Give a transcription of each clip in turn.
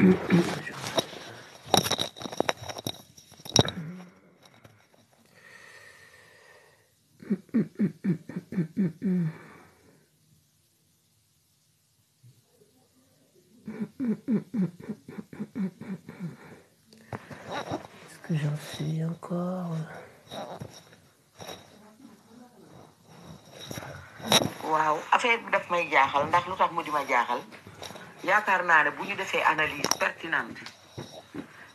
Est-ce que j'en suis encore waaw affaire bi daf may jaaxal ndax lu tax mu di yaakaar naa ne bu ñu defee analyse pertinente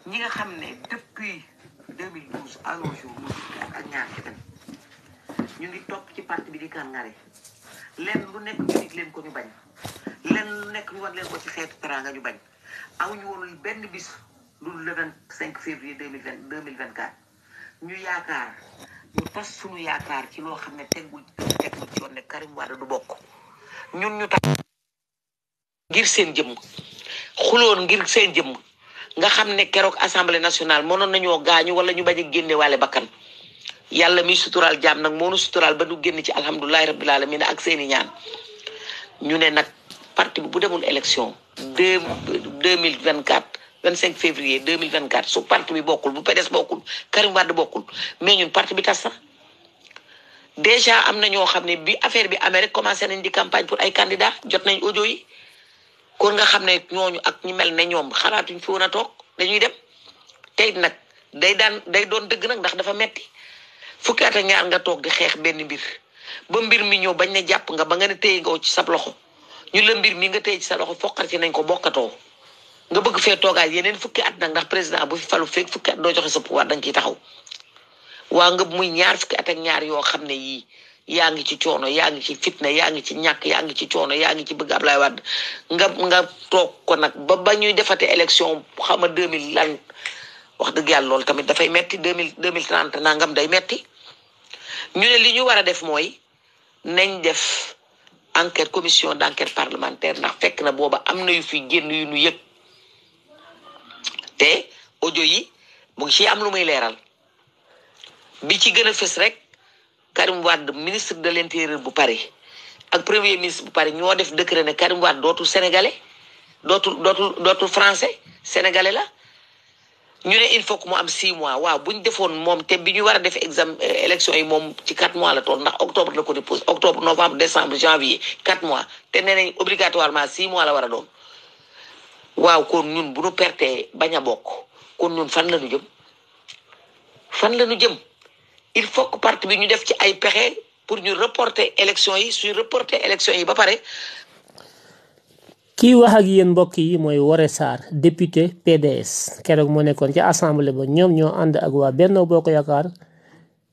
ñi nga xam ne depuis 2012 à ak ñu ngi topp ci parti bi di kàngare lenn lu nekk ñu dig leen ko ñu bañ lenn lu nekk ñu wan leen ko ci xeetu teranga ñu bañ amuñu woon benn bis lu le vingt cinq février deux mille vingt deux ñu yaakaar ñu tas suñu yaakaar ci loo xam ne tegu tegu ci woon ne Karim Wade du bokk ñun ñu tax ngir seen jëmm xuloon ngir seen jëmm nga xam ne keroog assemblée nationale mënoon nañoo gaañu wala ñu bañ a génne waale bakkan yàlla mi suturaal jaam nag moonu suturaal ba nu génn ci alhamdulilahi rabbil alamin ak seeni ñaan ñu ne nag parti bi bu demul élection deux mille vingt quatre vingt cinq février deux mille vingt quatre su parti bi bokkul bu PDS bokkul Karim Wade bokkul mais ñun parti bi tas sax déjà am na ñoo xam ne bi affaire bi amee rek commencé nañ di campagne pour ay candidats jot nañ audio kon nga xam ne ñooñu ak ñu mel ne ñoom xalaatuñ fi woon a toog dañuy dem tey nag day daan day doon dëgg nag ndax dafa metti fukki at ak ñaar nga toog di xeex benn mbir ba mbir mi ñëw bañ ne jàpp nga ba nga ne téye nga ci sa loxo ñu la mbir mi nga téye ci sa loxo foqar ci nañ ko bokkatoo nga bëgg fee toogaay yeneen fukki at nag ndax président bu fi falu feeg fukki at doo joxe sa pouvoir da nga ciy taxaw waa nga muy ñaar fukki at ak ñaar yoo xam ne yii yaa ngi ci coono yaa ngi ci fitna yaa ngi ci ñàkk yaa ngi ci coono yaa ngi ci bëgg Ablaye Wade nga nga toog ko nag ba ba ñuy defate élection xama deux mille lan wax dëgg yàlla loolu tamit dafay metti deux mille deux mille trente nangam day metti ñu ne li ñu war a def mooy nañ def enquête commission d' enquête parlementaire ndax fekk na booba am na yu fi génn yu nu yëg te ojo yi mu ci am lu muy leeral bi ci gën a fës rek Karim Wade ministre de l' intérieur bu Paris ak premier ministre bu Paris ñoo def décret ne Karim Wade dootul sénégalais dootu dootul dootul français sénégalais la ñu ne il faut que mu am 6 mois waaw bu ñu defoon moom te bi ñu war a def exam euh, élection yi moom ci 4 mois la tool ndax octobre la ko déposé octobre novembre décembre janvier 4 mois te nee nañ obligatoirement 6 mois la war a doon waaw kon ñun bu ñu pertee bañ a bokk kon ñun fan la ñu jëm jëm. il faut que parti bi ñu def ci ay pexe pour ñu reporter élection yi su reporter élection yi ba pare. kii wax ak yéen mbokk yi mooy Woré Sarr député PDS keroog moo nekkoon ci assemblée ba ñoom ñoo ànd ak waa Benno Bokk Yaakaar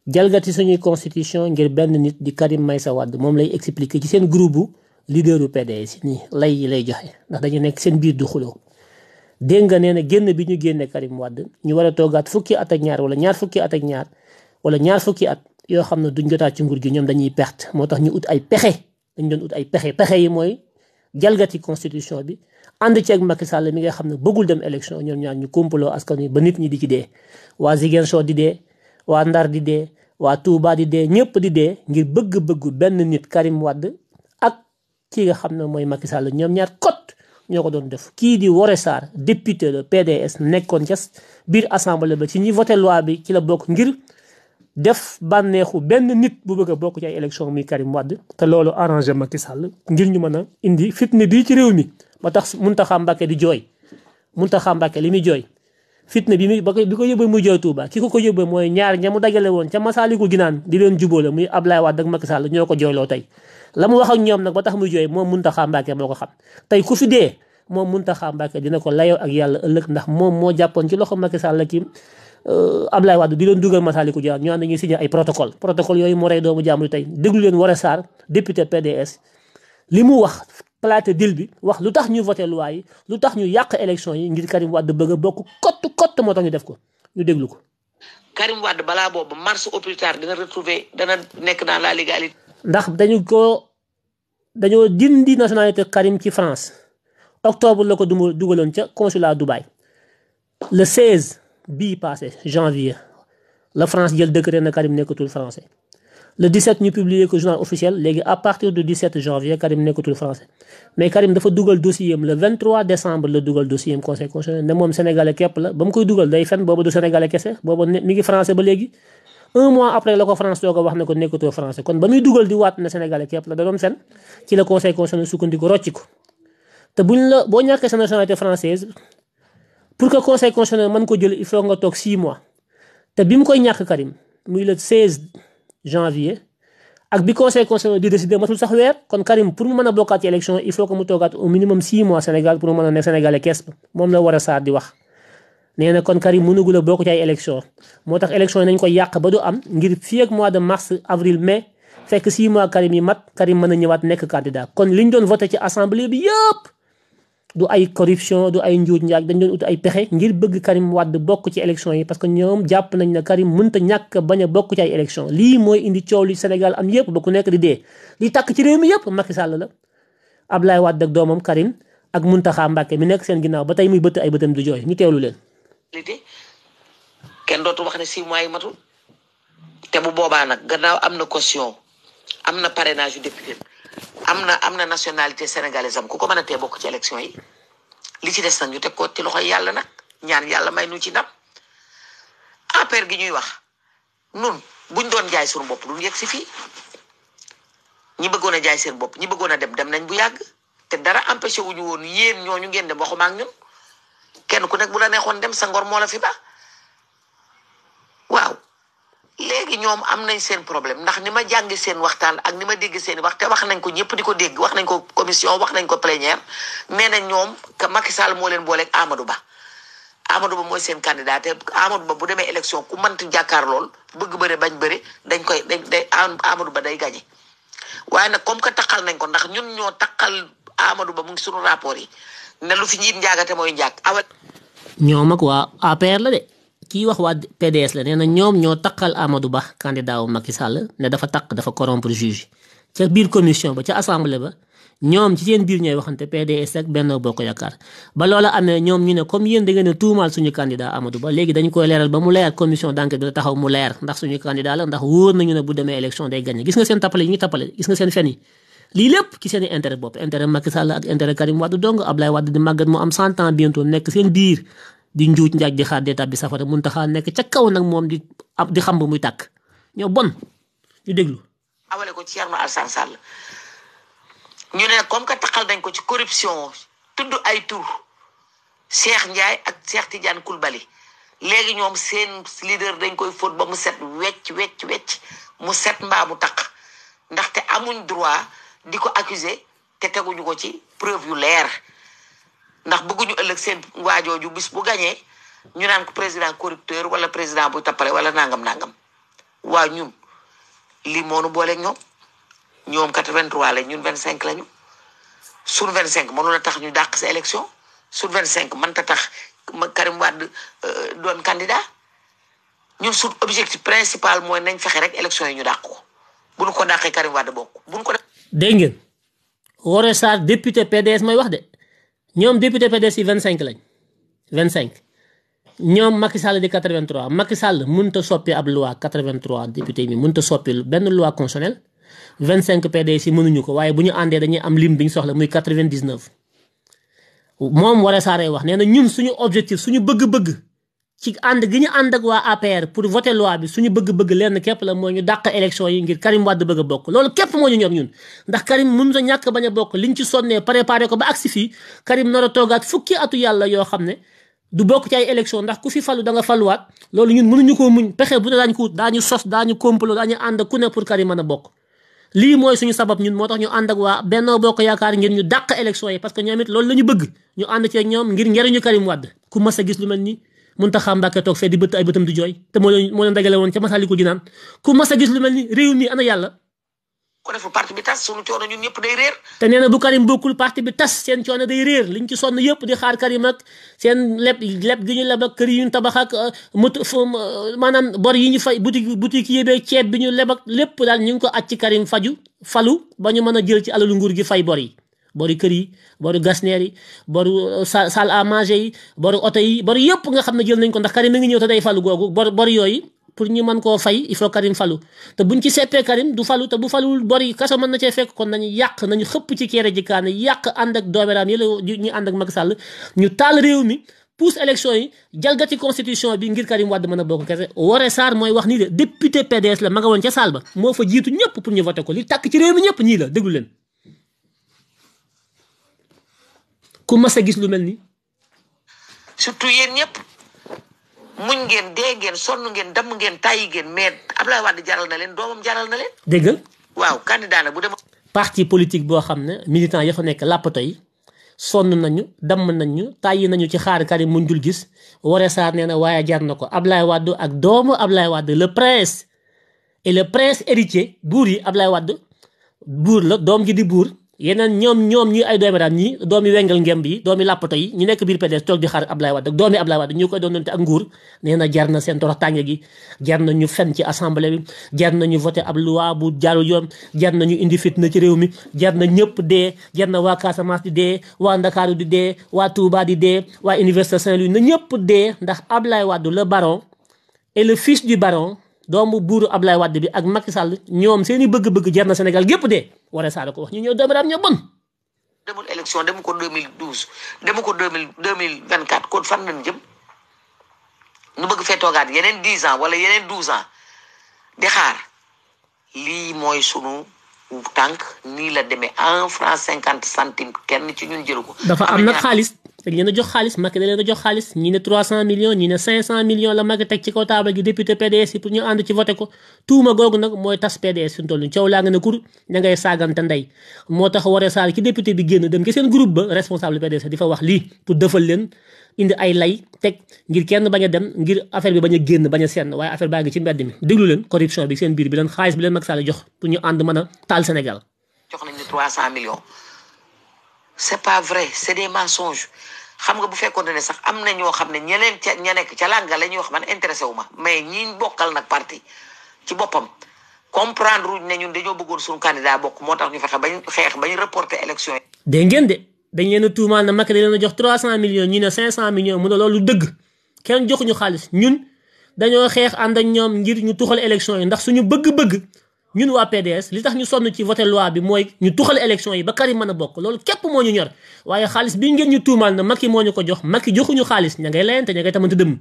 jalgati suñuy constitution ngir benn nit di Karim Meïssa Wade moom lay expliquer ci seen groupe bu leaderu PDS nii lay yi lay joxe ndax dañu nekk seen biir du xuloo dégg nga nee na génn bi ñu génnee Karim Wade ñu war a toogaat fukki at ñaar wala ñaar fukki at ak ñaar. wala ñaar fukki at yoo xam ne duñ jotaat ci nguur gi ñoom dañuy perte moo tax ñu ut ay pexe dañ doon ut ay pexe pexe yi mooy jalgati constitution bi ànd ceeg Macky Sall mi nga xam ne bëggul dem élection ñoom ñaar ñu kumpaloo askan wi ba nit ñi di ci dee waa Ziguinchor di dee waa Ndar di dee waa Touba di dee ñëpp di dee ngir bëgg-bëggu benn nit Karim Wade ak ki nga xam ne mooy Macky ñoom ñaar kot ñoo ko doon def kii di Woré Sarr député le PDS nekkoon ca biir assemblée ba ci ñi voté loi bi ci la bokk ngir def bànneexu benn nit bu bëgg a bokk ci ay élection muy Karim Wade te loolu arrangé Macky Sall ngir ñu mën a indi fitne bii ci réew mi ba tax Mountakha Mbacké di jooy Mountakha Mbacké li muy jooy fitne bi muy ba bi ko yóbbee muy jooy Touba ki ko ko yóbbee mooy ñaar ña mu dajale woon ca Masaalikul Jinaan di leen jubóole muy Ablaye Wade ak Macky Sall ñoo ko jooyloo tey la mu wax ak ñoom nag ba tax muy jooy moom Mountakha Mbacké moo ko xam tey ku fi dee moom Mountakha Mbacké dina ko layoo ak yàlla ëllëg ndax moom moo jàppoon ci loxo Macky la ki am euh, Ablaye Wade di leen dugal Masaliku Dia ñu naan dañuy signé ay protocole protocole yooyu moo rey doomu jàmbur tey déglu leen Woré Sarr député PDS li mu wax platé dil bi wax lu tax ñu voté loi lu tax ñu yàq élection yi ngir Karim Wade bëgg a bokk kott kott moo tax ñu def ko ñu déglu ko. Karim Wade balaa boobu mars au plus tard dina retrouver dana nekk dans la légalité. ndax dañu ko dañoo dindi nationalité Karim ci France octobre la ko dugaloon ca consulat Dubaï le 16. bii passé janvier la France jël décret na Karim nekkatul français le 17 ñu publier ko journal officiel léegi à partir du 17 janvier Karim nekkatul français mais Karim dafa dugal dossier am le 23 décembre la dugal dossier am conseil ne moom sénégalais képp la ba mu koy dugal day fen booba du sénégalais kese booba mi ngi français ba léegi un mois après la ko France doo ko wax ne ko nekkatoo français kon ba muy dugal di waat na sénégalais da pour que conseil constitutionnel mën ko jël il faut nga toog 6 mois te bi mu koy ñàkk Karim muy le 16 janvier ak bi conseil constitutionnel di décider matul sax weer kon Karim pour mu mën a bokkaat ci élection il faut que mu toogaat au minimum 6 mois Sénégal pour mu mën a nekk sénégalais kees moom la war a saar di wax. nee na kon Karim mënugul a bokk ci ay élection moo tax élection yi nañ ko yàq ba du am ngir fii ak mois de mars avril mai fekk 6 mois Karim yi mat Karim mën a ñëwaat nekk candidat kon liñ du ay corruption du ay njuuj njaaj dañ doon ut ay pexe ngir bëgg Karim Wade bokk ci élection yi parce que ñoom jàpp nañ ne Karim mënta ñàkk bañ a bokk ci ay élection lii mooy indi coow li Sénégal am yëpp ba ku nekk di dee li takk ci réew mi yëpp Macky Sall la Ablaye wadd ak doomam Karim ak mun ta Mountakha Mbacké mi nekk seen ginnaaw ba tey muy bëtt ay bëtam du jooy ñu teewlu leen. kenn dootu ne six mois yi matul te bu boobaa nag gannaaw am na caution am na parrainage am na am na nationalité sénégalaise am ku ko mën a tee bokk ci élection yi li ci des nag ñu teg ko ci loxo yàlla nag ñaan yàlla may nu ci ndam APR gi ñuy wax nun buñ doon jaay suñu bopp duñ si fii ñi bëggoon a jaay seen bopp ñi bëggoon a dem dem nañ bu yàgg te dara empêché wuñu woon yéen ñooñu ngeen dem waxuma ak ñun kenn ku nekk bu la neexoon dem sa ngor moo la fi ba léegi ñoom am nañ seen problème ndax ni ma jàngi seen waxtaan ak ni ma dégg seen wax te wax nañ ko ñëpp di ko dégg wax nañ ko commission wax nañ ko plénière nee na ñoom que Macky Sall moo leen booleeg Amadou Ba Amadou Ba mooy seen candidat te Amadou Ba bu demee élection ku mënti jàkkaar lool bëgg bëre bañ bëri dañ koy dañ day Amadou Ba day gagné waaye nag comme que taqal nañ ko ndax ñun ñoo taqal Amadou Ba mu ngi suñu rapport yi ne lu fi njiit njaagate mooy njaag awal ñoom ak waa APR la de. kii wax waa PDS la nee ñoom ñoo taqal Amadou Ba candidat wu Macky Sall ne dafa taq dafa corrompre juge ca biir commission ba ca assemblée ba ñoom ci seen biir ñooy waxante PDS ak Benno Bokk Yaakaar ba loola amee ñoom ñu ne comme yéen da a tuumaal suñu candidat Amadou Ba léegi bi taxaw mu leer ndax suñu candidat la ndax wóor nañu demee élection day gagné gis nga seen tappale yi ñu tappale gis nga seen fen yi lii lépp ci seen i intérêt bopp intérêt Macky Sall ak intérêt Karim Wade dong Ablaye Wade di màggat mu am 100 ans bientôt biir di njuuj njaaj di xaar dee tàbbi safara Muntaxa nekk ca kaw nag moom di di xam ba muy tàkk ñoo bon ñu déglu. awale ko ci Thierno Alassane Sall ñu ne comme que taxal dañ ko ci corruption tudd ay tur Cheikh Ndiaye ak Cheikh Tidiane Koulibaly léegi ñoom seen leader dañ koy fóot ba mu set wecc wecc wecc mu set mbaa mu taq ndaxte amuñ droit di ko accuser te teguñu ko ci preuve yu leer. ndax bëgguñu ëllëg seen waajooju bis bu gañee ñu naan président corrupteur wala président bu tappale wala nangam nangam waa ñun lii moonu boole ñoom ñoom quatre-vingt-trois la ñun vingt-cinq lañu sur vingt-cinq mënul a tax ñu dàq sa élection sur vingt-cinq mënta tax Karim Wade euh, doon candidat ñu su objectif principal mooy nañ fexe rek élection yi ñu dàq ko bu ñu ko dàqee Karim Wade bokk bu ñu ko. dégg ngeen Woré Sarr député PDS may wax de. ñoom député PDS yi 25 lañ 25 ñoom Macky Sall di 83 Macky Sall mënut a soppi ab loi 83 député mi mënut a soppi benn loi constitutionnelle 25 PDS yi mënuñu ko waaye bu ñu àndee dañuy am lim bi soxla muy 99. moom Woré Sarr wax nee na ñun suñu objectif suñu bëgg-bëgg. ci ànd gi ñu ànd ak waa APR pour voter loi bi suñu bëgg-bëgg lenn képp la mooy ñu dàq élection yi ngir Karim Wade bëgg bokk loolu képp moo ñu ñor ñun ndax Karim mun bokk liñ ci sonnee préparé ko ba xam ne du bokk ci ay élection ku fi falu da nga faluwaat loolu ñun mënuñu koo muñ pexe bu ne daañu ko daañu sos daañu complot daañu ànd a bokk lii suñu sabab ñun moo tax ñu ànd ak waa Benno Bokk Yaakaar ngir ñu dàq élection yi parce que ñoom it loolu la ñu bëgg ñu ànd ceeg ñoom ngir njëriñu Karim Wade ku mas gis lu mel ni mun Muntaxa Mbàkke toog fee di bëtt ay bëtam di jooy te moo leen moo leen dagale woon ca Masaalikul Jinaan ku mas a gis lu mel ni réew mi ana yàlla. ko def parti bi tas sunu coono ñun te nee na bu Karim bokkul parti bi tas seen coono day réer liñ ci sonn yëpp di xaar Karim ak seen leb leb gi ñu leb ak kër yi ñu tabax ak euh, mot euh, maanaam bor yi ñu fay boutique boutique yi beeg ceeb bi ñu leb ak lépp daal ñu ngi ko aj ci Karim faju falu ba ñu mën a jël ci alalu nguur gi fay bor yi. boru kër yi boru gasneer yi boru uh, salle à manger yi boru oto yi boru yëpp nga xam ne jël nañ ko ndax Karim mi ngi ñëw te day falu googu bor bor yooyu pour ñu mën koo fay il faut Karim ci seppee Karim du falu te bu faluwul bor yi kaso mën na cee fekk kon nañu yàq nañu xëpp ci kere ji kaane yàq ànd ñu ànd ak Macky Sall ñu taal réew mi pousse élection yi jalgati constitution bi ngir Karim Wade mën a bokk kese Woré Sarr pour ñu voté ko li tàkk ci réew mi ñëpp ñii la déglu leen ku mas gis lu mel ni surtout yéen ñëpp muñ ngeen dee ngeen sonn ngeen damm ngeen tàyyi ngeen ab Ablaye Wade jaral na leen doomam jaral na leen. déggal waaw candidat la bu dem. parti politique boo xam ne militant ya fa nekk làppato yi sonn nañu damm nañu tàyyi nañu ci xaar kari muñ jul gis Woré Sarr nee na waaye jar na ko Ablaye Wade ak doomu ab lay Wade le prince et le prince héritier buur yi Ablaye Wade buur la doom ji di buur. yeneen ñoom ñoom ñuy ay doomi daal ñi doomi wengal ngem bi doomi làppato yi ñu nekk biir PDS toog di xaar Ablaye Wade ak doomi Ablaye Wade ñu koy doonante ak nguur nee na na seen torox tànge gi jar na fen ci assemblée bi jar na ñu voté ab loi bu jaarul yoon jar na ñu indi fit na ci réew mi jar na ñëpp dee jar na waa Casamance di dee waa Ndakaaru di dee waa tuubaa di dee waa Université saint na ñëpp dee ndax Ablaye Wade la baron et le fils du baron buur ab Ablaye wadd bi ak Macky sàll ñoom seen i bëgg-bëgg jar na Sénégal gépp dee Woré Sarr ko wax ñu ñëw doomi raam ñoo bon. demul élection demu ko 2012 demu ko 2024 kon fan lañ jëm nu bëgg fee toogaat yeneen 10 ans wala yeneen 12 ans di xaar lii mooy sunu. tànk nii la dafa am nag xaalis leen a jox xaalis Macky da leen a jox xaalis ñi ne trois cent millions ñi ne cinq cent millions la Macky teg ci kaw taabal gi député PDS yi pour ñu ànd ci voté ko tuuma googu nag mooy tas PDS fi mu coow laa nga ne kur da ngay saagante ndey moo tax waree saal ci député bi génn dem ci seen groupe ba responsable PDS di fa wax lii pour defal leen. indi ay lay teg ngir kenn bañ a dem ngir affaire bi bañ a génn bañ a senn waaye affaire baa ngi ci mbedd mi déglu leen corruption bi seen biir bi leen xaalis bi leen Macky a taal Sénégal jox nañ ne trois cent millions c'est pas vrai nga bu fekkoon ne sax am na ñoo xam ne ñeneen ca ña nekk ca lànga la ñuy wax man intéressé wu ma mais ñi bokkal nag parti ci boppam comprendre uñ ne ñun dañoo bëggoon suñu candidat bokk moo tax ñu fexe bañ xeex bañ reporter élection yi dégg de dañ leen a tuumaal na Macky dañ leen a jox 300 millions ñi ne 500 millions mu ne loolu dëgg kenn joxuñu xaalis ñun dañoo xeex ànd ak ñoom ngir ñu tuxal election yi ndax suñu bëgg-bëgg ñun waa PDS li tax ñu sonn ci voté loi bi mooy ñu tuxal election yi ba Karim mën a bokk loolu képp moo ñu ñor waaye xaalis bi ngeen ñu tuumaal na Macky moo ñu ko jox Macky joxuñu xaalis ña ngay layante ña ngay tamante dëmm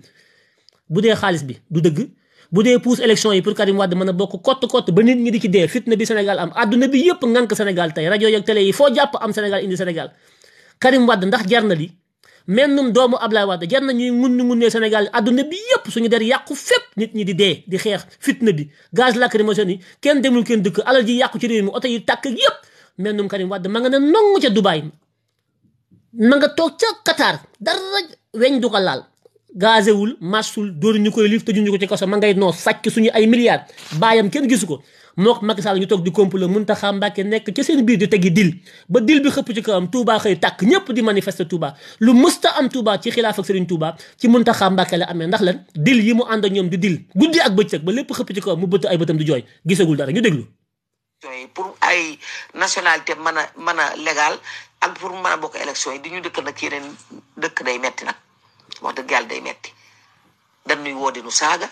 bu dee xaalis bi du dëgg bu dee pousse élection yi pour Karim Wade a nit ñi di ci dee fitna bi Sénégal yëpp ngànk Sénégal tey rajo yeeg télé yi foo jàpp am Sénégal indi Sénégal Karim Wade ndax jar na li mennum doomu ab Ablaye Wade jar na ñuy ngunni ngunnee Sénégal adduna bi yëpp suñu der yàqu fépp nit ñi di dee di xeex fitna bi gaz lacrymogène yi kenn demul kenn dëkk alal ji yàqu ci réew mi oto yi tàkk yëpp mennum Karim Wade ma nga ne nongu ca Dubaay ma nga toog ca Qatar dara weñ du ko laal gazewul masul dóor ñu koy liif tëjuñu ko ci kaso ma ngay noo sàcc suñu ay milliards baayam kenn gisu ko mook Macky Sall ñu toog di complot Mountakha Mbacké nekk ca seen biir di tegi dil ba dil bi xëpp ci kawam Touba xëy tàkk ñëpp di manifester Touba lu mësta am Touba ci xilaaf ak Serigne Touba ci ta Mountakha Mbacké la amee ndax lan dil yi mu ànd ak ñoom di dil guddi ak bëccëg ba lépp xëpp ci kawam mu bëtt ay bëtam di jooy gisagul dara ñu déglu pour ay nationalité mën a mën a legal ak pour mën a bokk élection yi di ñu dëkk nag yeneen dëkk day metti nag wax dëgg yàlla day metti dañuy woo di nu saaga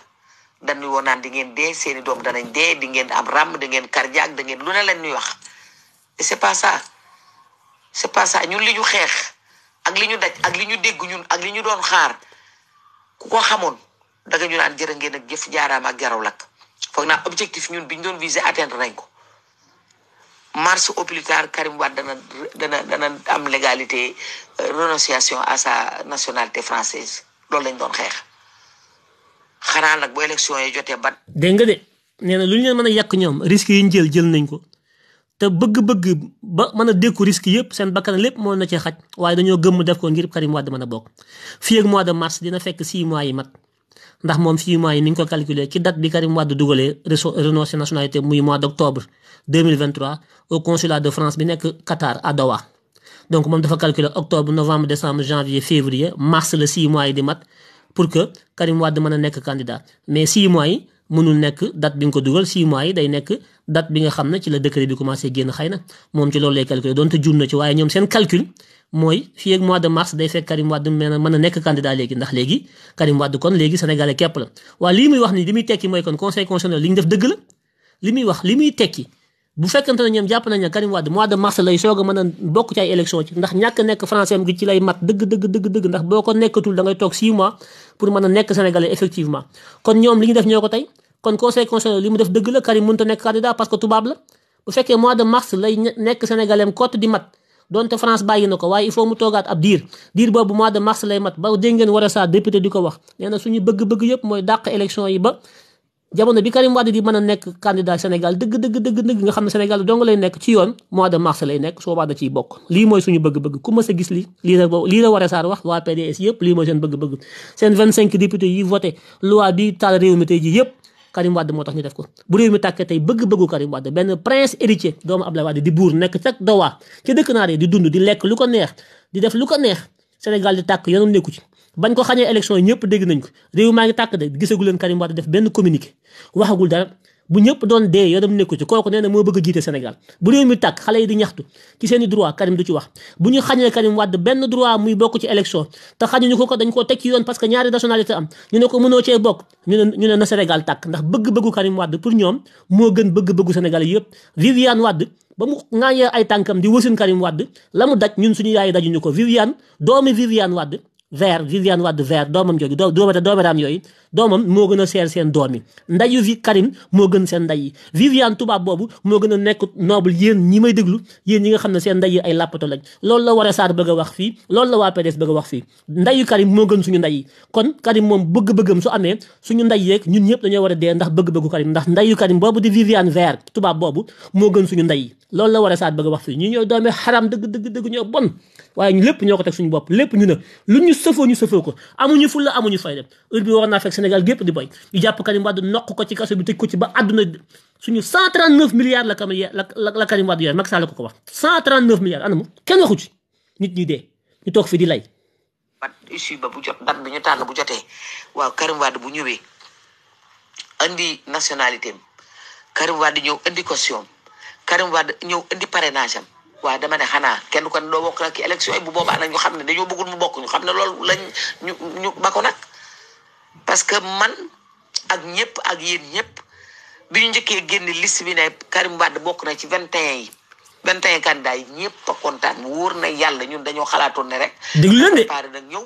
dañuy woon naan di ngeen de seeni doom danañ de di ngeen am ràmm di ngeen cardiaque da ngeen lu ne leen ñuy wax et c'est pas ça c'est pas ça ñun li ñu xeex ak li ñu daj ak li ñu dégg ñun ak li ñu doon xaar ku ko xamoon danga ñu naan jërë ngeen ak jëf jaaraam ak jaraw lakk foog naa objectif ñun bi ñu doon viser atteindre nañ ko mars au plus tard Karim Wade dana dana dana am légalité euh, renonciation à sa nationalité française loolu lañ doon xeex xanaa nag bu élection yi jotee ba. dégg nga de nee lu ñu leen mën a yàq ñoom risques yi ñu jël jël nañ ko te bëgg-bëgg ba mën a dékku risques yëpp seen bakkan lépp moo na ci xaj waaye dañoo gëmm def ko ngir Karim Wade mën a bokk. fii ak mois de mars dina fekk 6 mois yi mat ndax moom 6 mois yi ni ko calculer ci date bi Karim Wade dugalee renoncé nationalité muy mois d' octobre 2023 au consulat de France bi nekk Qatar à Doha. donc moom dafa calculer octobre novembre décembre janvier février mars le 6 pour que Karim Wade mën a nekk candidat mais 6 mois yi mënul nekk date bi nga ko dugal 6 mois yi day nekk date bi nga xam ne ci la décret bi commencé génn xëy na moom ci loolu lay calculer donte jur na ci waaye ñoom seen calcul mooy fii ak mois de mars day fekk Karim Wade mën a nekk candidat léegi ndax léegi Karim Wade kon léegi sénégalais képp la waaye lii muy wax ni li muy tekki mooy kon conseil constitutionnel li def dëgg la li muy wax li muy bu fekkante ne ñoom jàpp nañ ne Karim Wade mois de mars lay soog a mën da ngay toog 6 mois pour mën a nekk sénégalais effectivement kon ñoom li ñu def ñoo ko tey kon conseil constitutionnel li mu def dëgg la Karim a nekk candidat parce que tubaab la bu fekkee mois de mars lay nekk sénégalais am cote di mat donte France bàyyi na ko waaye il faut mu toogaat ab diir diir boobu mois de mars lay mat ba dégg war a saa député di ko wax nee na suñu bëgg-bëgg yëpp mooy dàq élection yi ba jamono bi Karim di mën a nekk candidat Sénégal dëgg dëgg dëgg dëgg nga xam ne Sénégal dong lay nekk ci yoon mois de mars lay nekk soo da ciy bokk lii mooy suñu bëgg-bëgg ku mës a gis lii lii la lii la Woré Sarr wax waa PDS yëpp lii mooy seen bëgg-bëgg seen 25 députés yi voté loi bi taal réew mi tey ji yëpp Karim moo tax ñu def ko bu réew mi tàkkee tey bëgg-bëggu Karim Wade benn prince héritier doomu Abdoulaye Wade di buur nekk ca dowaa di dund di lekk lu ko neex di def lu ko neex Sénégal di tàkk yoonam nekku ci bañ ko xañee élection yi ñëpp dégg nañ ko réew maa ngi tàkk de gisagu leen Karim Wade def benn communiqué waxagul dara bu ñëpp doon dee yoo dem nekku ci kooku nee na moo bëgg a jiite Sénégal bu réew mi tàkk xale yi di ñaxtu ci seen i droit Karim du ci wax bu ñu xañee Karim Wade benn droit muy bokk ci élection te xañuñu ko ko dañ ko teg ci yoon parce que ñaari nationalité am ñu ne ko mënoo cee bokk ñu ne ñu ne na Sénégal tàkk ndax bëgg-bëggu Karim Wade pour ñoom moo gën bëgg-bëggu Sénégal yëpp Viviane Wade ba mu ŋaañee ay tànkam di wësin Karim Wade la mu daj ñun suñu yaay dajuñu ko Viviane doomi Viviane Wade Vert Viviane Wade Vert doomam jooju doo doomata doomataam yooyu doomam moo gën a seer seen doom yi ndayu vi Karim moo gën seen nday yi Viviane tubaab boobu moo gën a nekk noble yéen ñi may déglu yéen ñi nga xam ne seen nday yi ay làppato lañ loolu la Woré Sarr bëgg a wax fii loolu la waa PDS bëgg a wax fii ndayu moo gën suñu nday yi kon Karim moom bëgg-bëggam su amee suñu nday yeeg ñun ñëpp dañoo war a dee ndax bëgg-bëggu Karim ndax ndayu Karim boobu di Viviane Vert tubaab boobu moo gën suñu nday yi loolu la Woré Sarr bëgg a wax fii ñu ñooy doomee xaram dëgg dëgg dëgg ñoo bon waaye lépp ñoo ko teg suñu bopp lépp ñu ne lu ñu sëfoo ñu sëfoo ko amuñu fulla amuñu fayda heure bi war naa fekk Sénégal gépp di boy ñu jàpp Karim Wade noq ko ci kaso bi tëj ko ci ba àdduna suñu 139 milliards la kam la la Karim Wade yore Macky Sall ko ko wax 139 milliards anamu kenn waxu ci nit ñi dee ñu toog fi di lay. bu jot dat bi bu jotee waaw Karim Wade bu ñëwee andi nationalité am Karim Wade ñëw andi caution Karim Wade ñëw indi parrainage am waa dama ne xanaa kenn ko doo bokk nag ci élection yi bu boobaa nag ñu xam ne dañoo bëggul mu bokk ñu xam ne loolu lañ ñu ba ko nag parce que man ak ñëpp ak yéen ñëpp bi ñu njëkkee génn list bi ne Karim Wade bokk na ci vingt et un yi vingt et un candidats yi ñëpp a kontaan wóor na yàlla ñun dañoo xalaatoon ne rek. dégg nga ne pare nag ñëw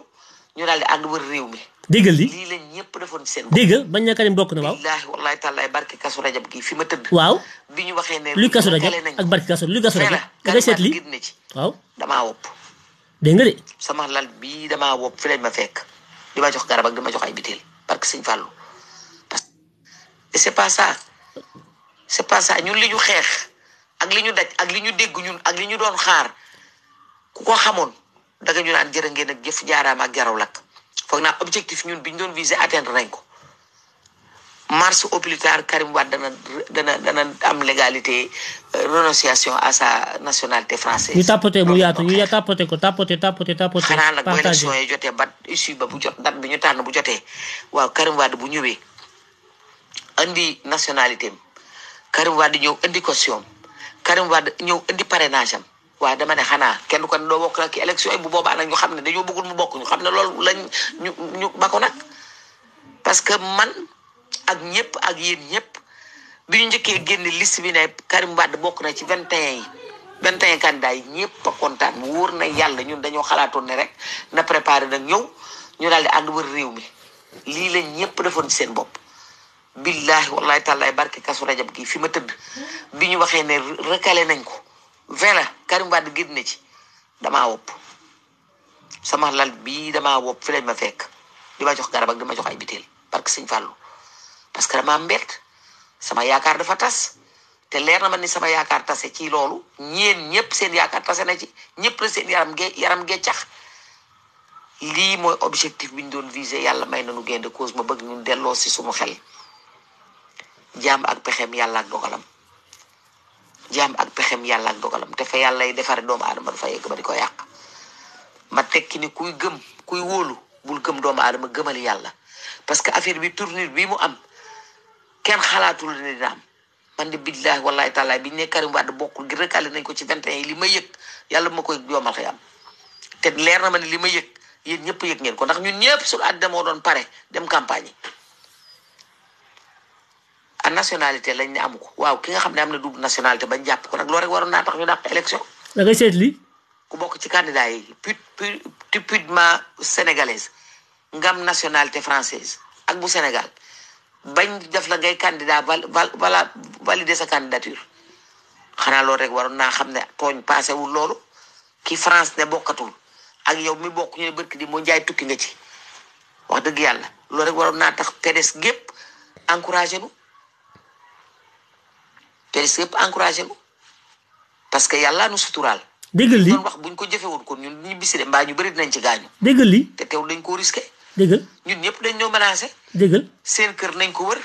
ñu daal di ànd wër réew mi. déggal li lii la ñëpp defoon seen bopp. dégg bañ na bokk na waaw. billaahi wallaahi taalaa barke Kasu Rajab gi fi ma tëdd. waaw bi ñu waxee ne. luy Kasu Rajab ak barke Kasu luy Kasu Rajab. da ngay seet li waaw damaa wopp. dégg nga de. sama lal bii damaa wopp fi lañ ma fekk di ma jox garab ak di ma jox ay bitéel parce que sëñ Fallou parce que c'est pas ça c'est pas ça ñun li ñu xeex ak li ñu daj ak li ñu dégg ñun ak li ñu doon xaar ku ko xamoon danga ñu naan jërë ngeen ak jëf jaaraam ak jaraw lakk foog naa objectif ñun bi ñu doon viser atteindre nañ ko. mars au plus tard Karim Wade dana dana dana am légalité euh, renonciation à sa nationalité française. ñu tapote mu yaatu ñu tapote ko tapote tapote xanaa nag bu élection yi jotee ba issue bu jot date bi ñu tànn bu jotee waaw Karim Wade bu ñëwee andi nationalité am Karim Wade ñëw andi caution am Karim Wade ñëw andi parrainage am waaye dama ne xanaa kenn ko ne doo bokk nag ci élection yi bu boobaa nag ñu xam ne dañoo bëggul mu bokk ñu xam ne loolu lañ ñu ñu bako nag parce ak ñëpp ak yéen ñëpp bi ñu njëkkee génne list bi ne Karim Wade bokk na ci vingt et yi vingt et un candidats yi ñëpp a kontaan wóor na yàlla ñun dañoo xalaatoon ne rek na préparé nag ñëw ñu daal di ànd wër réew mi lii la ñëpp defoon ci seen bopp. billahi wallahi taalaay barke kasu rajab gi fi ma tëdd bi ñu waxee ne recalé nañ ko vingt la Karim Wade génn na ci damaa wopp sama lal bii damaa wopp fi lañ ma fekk di ma jox garab ak di ma jox ay biteel barke sëñ Fallou. parce que dama mbett sama yaakaar dafa tas te leer na ma ni sama yaakaar tase ci loolu ñeen ñëpp seen yaakaar tase na ci ñëpp la seen yaram ge yaram ge lii mooy objectif bi ñu doon visé yàlla may nañu gain de cause ma bëgg ñu delloo si suñu xel jaam ak pexem yàlla ak dogalam jaam ak pexem yàlla ak dogalam te fa yàlla yi defare doomu aadama dafa yegg ba di ko yàq ma tekki ni kuy gëm kuy wóolu bul gëm doomu aadama gëmal yàlla parce que affaire bi tournure bi mu am kenn xalaatul ne dina am man de billahi wallahi taala biñ ne Karim Wade bokkul gi recalé nañ ko ci 21 yi li ma yëg yàlla ma koy yomal xiyam te leer na ma ne li ma yëg yéen ñëpp yëg ngeen ko ndax ñun ñëpp su at demoo doon pare dem campagne a nationalité lañ ne amu ko waaw ki nga xam ne am na double nationalité bañ jàpp ko nag loolu rek waroon naa tax ñu dàq élection. da ngay ku bokk ci candidat yi pu pu purement sénégalaise ngam nationalité française ak bu Sénégal. bañ def la ngay candidat val val valider sa candidature xanaa loolu rek waroon naa xam ne tooñ passé wul loolu ki France ne bokkatul ak yow mi bokk ñu ne bërki di njaay tukki nga ci wax dëgg yàlla loolu rek waroon naa tax PDS gépp encouragé lu PDS gépp encouragé parce que yàlla nu suturaal. dégg li doon wax buñ ko jëfewul kon ñun ñu bisi de mbaa ñu bëri dinañ ci gaañu. dégg li te teew dañ koo risqué. dëggal ñun ñëpp dañ ñoo menacé. dëggal seen kër nañ ko wër.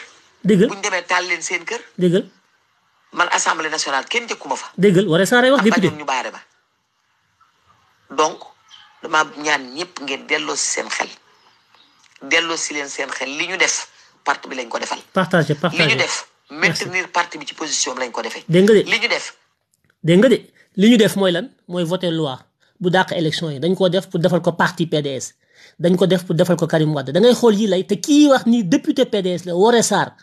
dëggal bu ñu leen seen kër. dëggal man assemblée nationale kenn jëkkuma fa. dëggal wala Saare wax député ñu baare ba dama ñaan ñëpp ngeen delloo si seen xel delloo si leen seen xel li ñu def parti bi lañ ko defal. partagé partagé li ñu def. maintenir parti bi ci position lañ ko defee. dégg nga de li ñu def. dégg nga li ñu def mooy lan mooy voter loi bu dàq élection yi dañ koo def pour defal ko parti PDS. dañ ko def defal ko Karim Wade da ngay xool yi lay te kii wax ni député PDS la Woré Sarr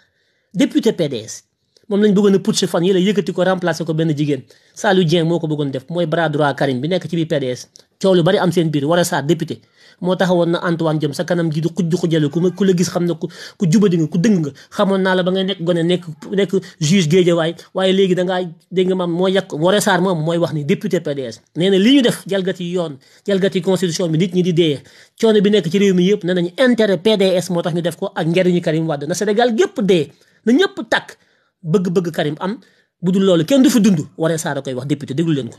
député PDS moom lañ bëggoon na putsch fan yi la yëkkati ko remplacé ko benn jigéen Saliou Dieng moo ko bëggoon def mooy bras droit Karim bi nekk ci biir PDS coow lu bari am seen biir Woré Sarr député moo taxawoon na Antoine jëm sa kanam ji di xuj di xujale ku ma ku la gis xam ne ku ku jubadi nga dëng nga xamoon naa la ba ngay nekk gone nekk nekk juge géejawaay waaye léegi dangaa dégg nga am moo yàq Woré Sarr moom mooy wax ni député PDS nee na li ñu def jalgati yoon jalgati constitution bi nit ñi di dee coono bi nekk ci réew mi yëpp nee nañu intere PDS moo tax ñu def ko ak njariñu Karim Wade na Sénégal gépp dee na ñëpp takk bëgg-bëgg Karim am bu dul loolu kenn du fi dund Woré Sarr a koy wax député déglu leen ko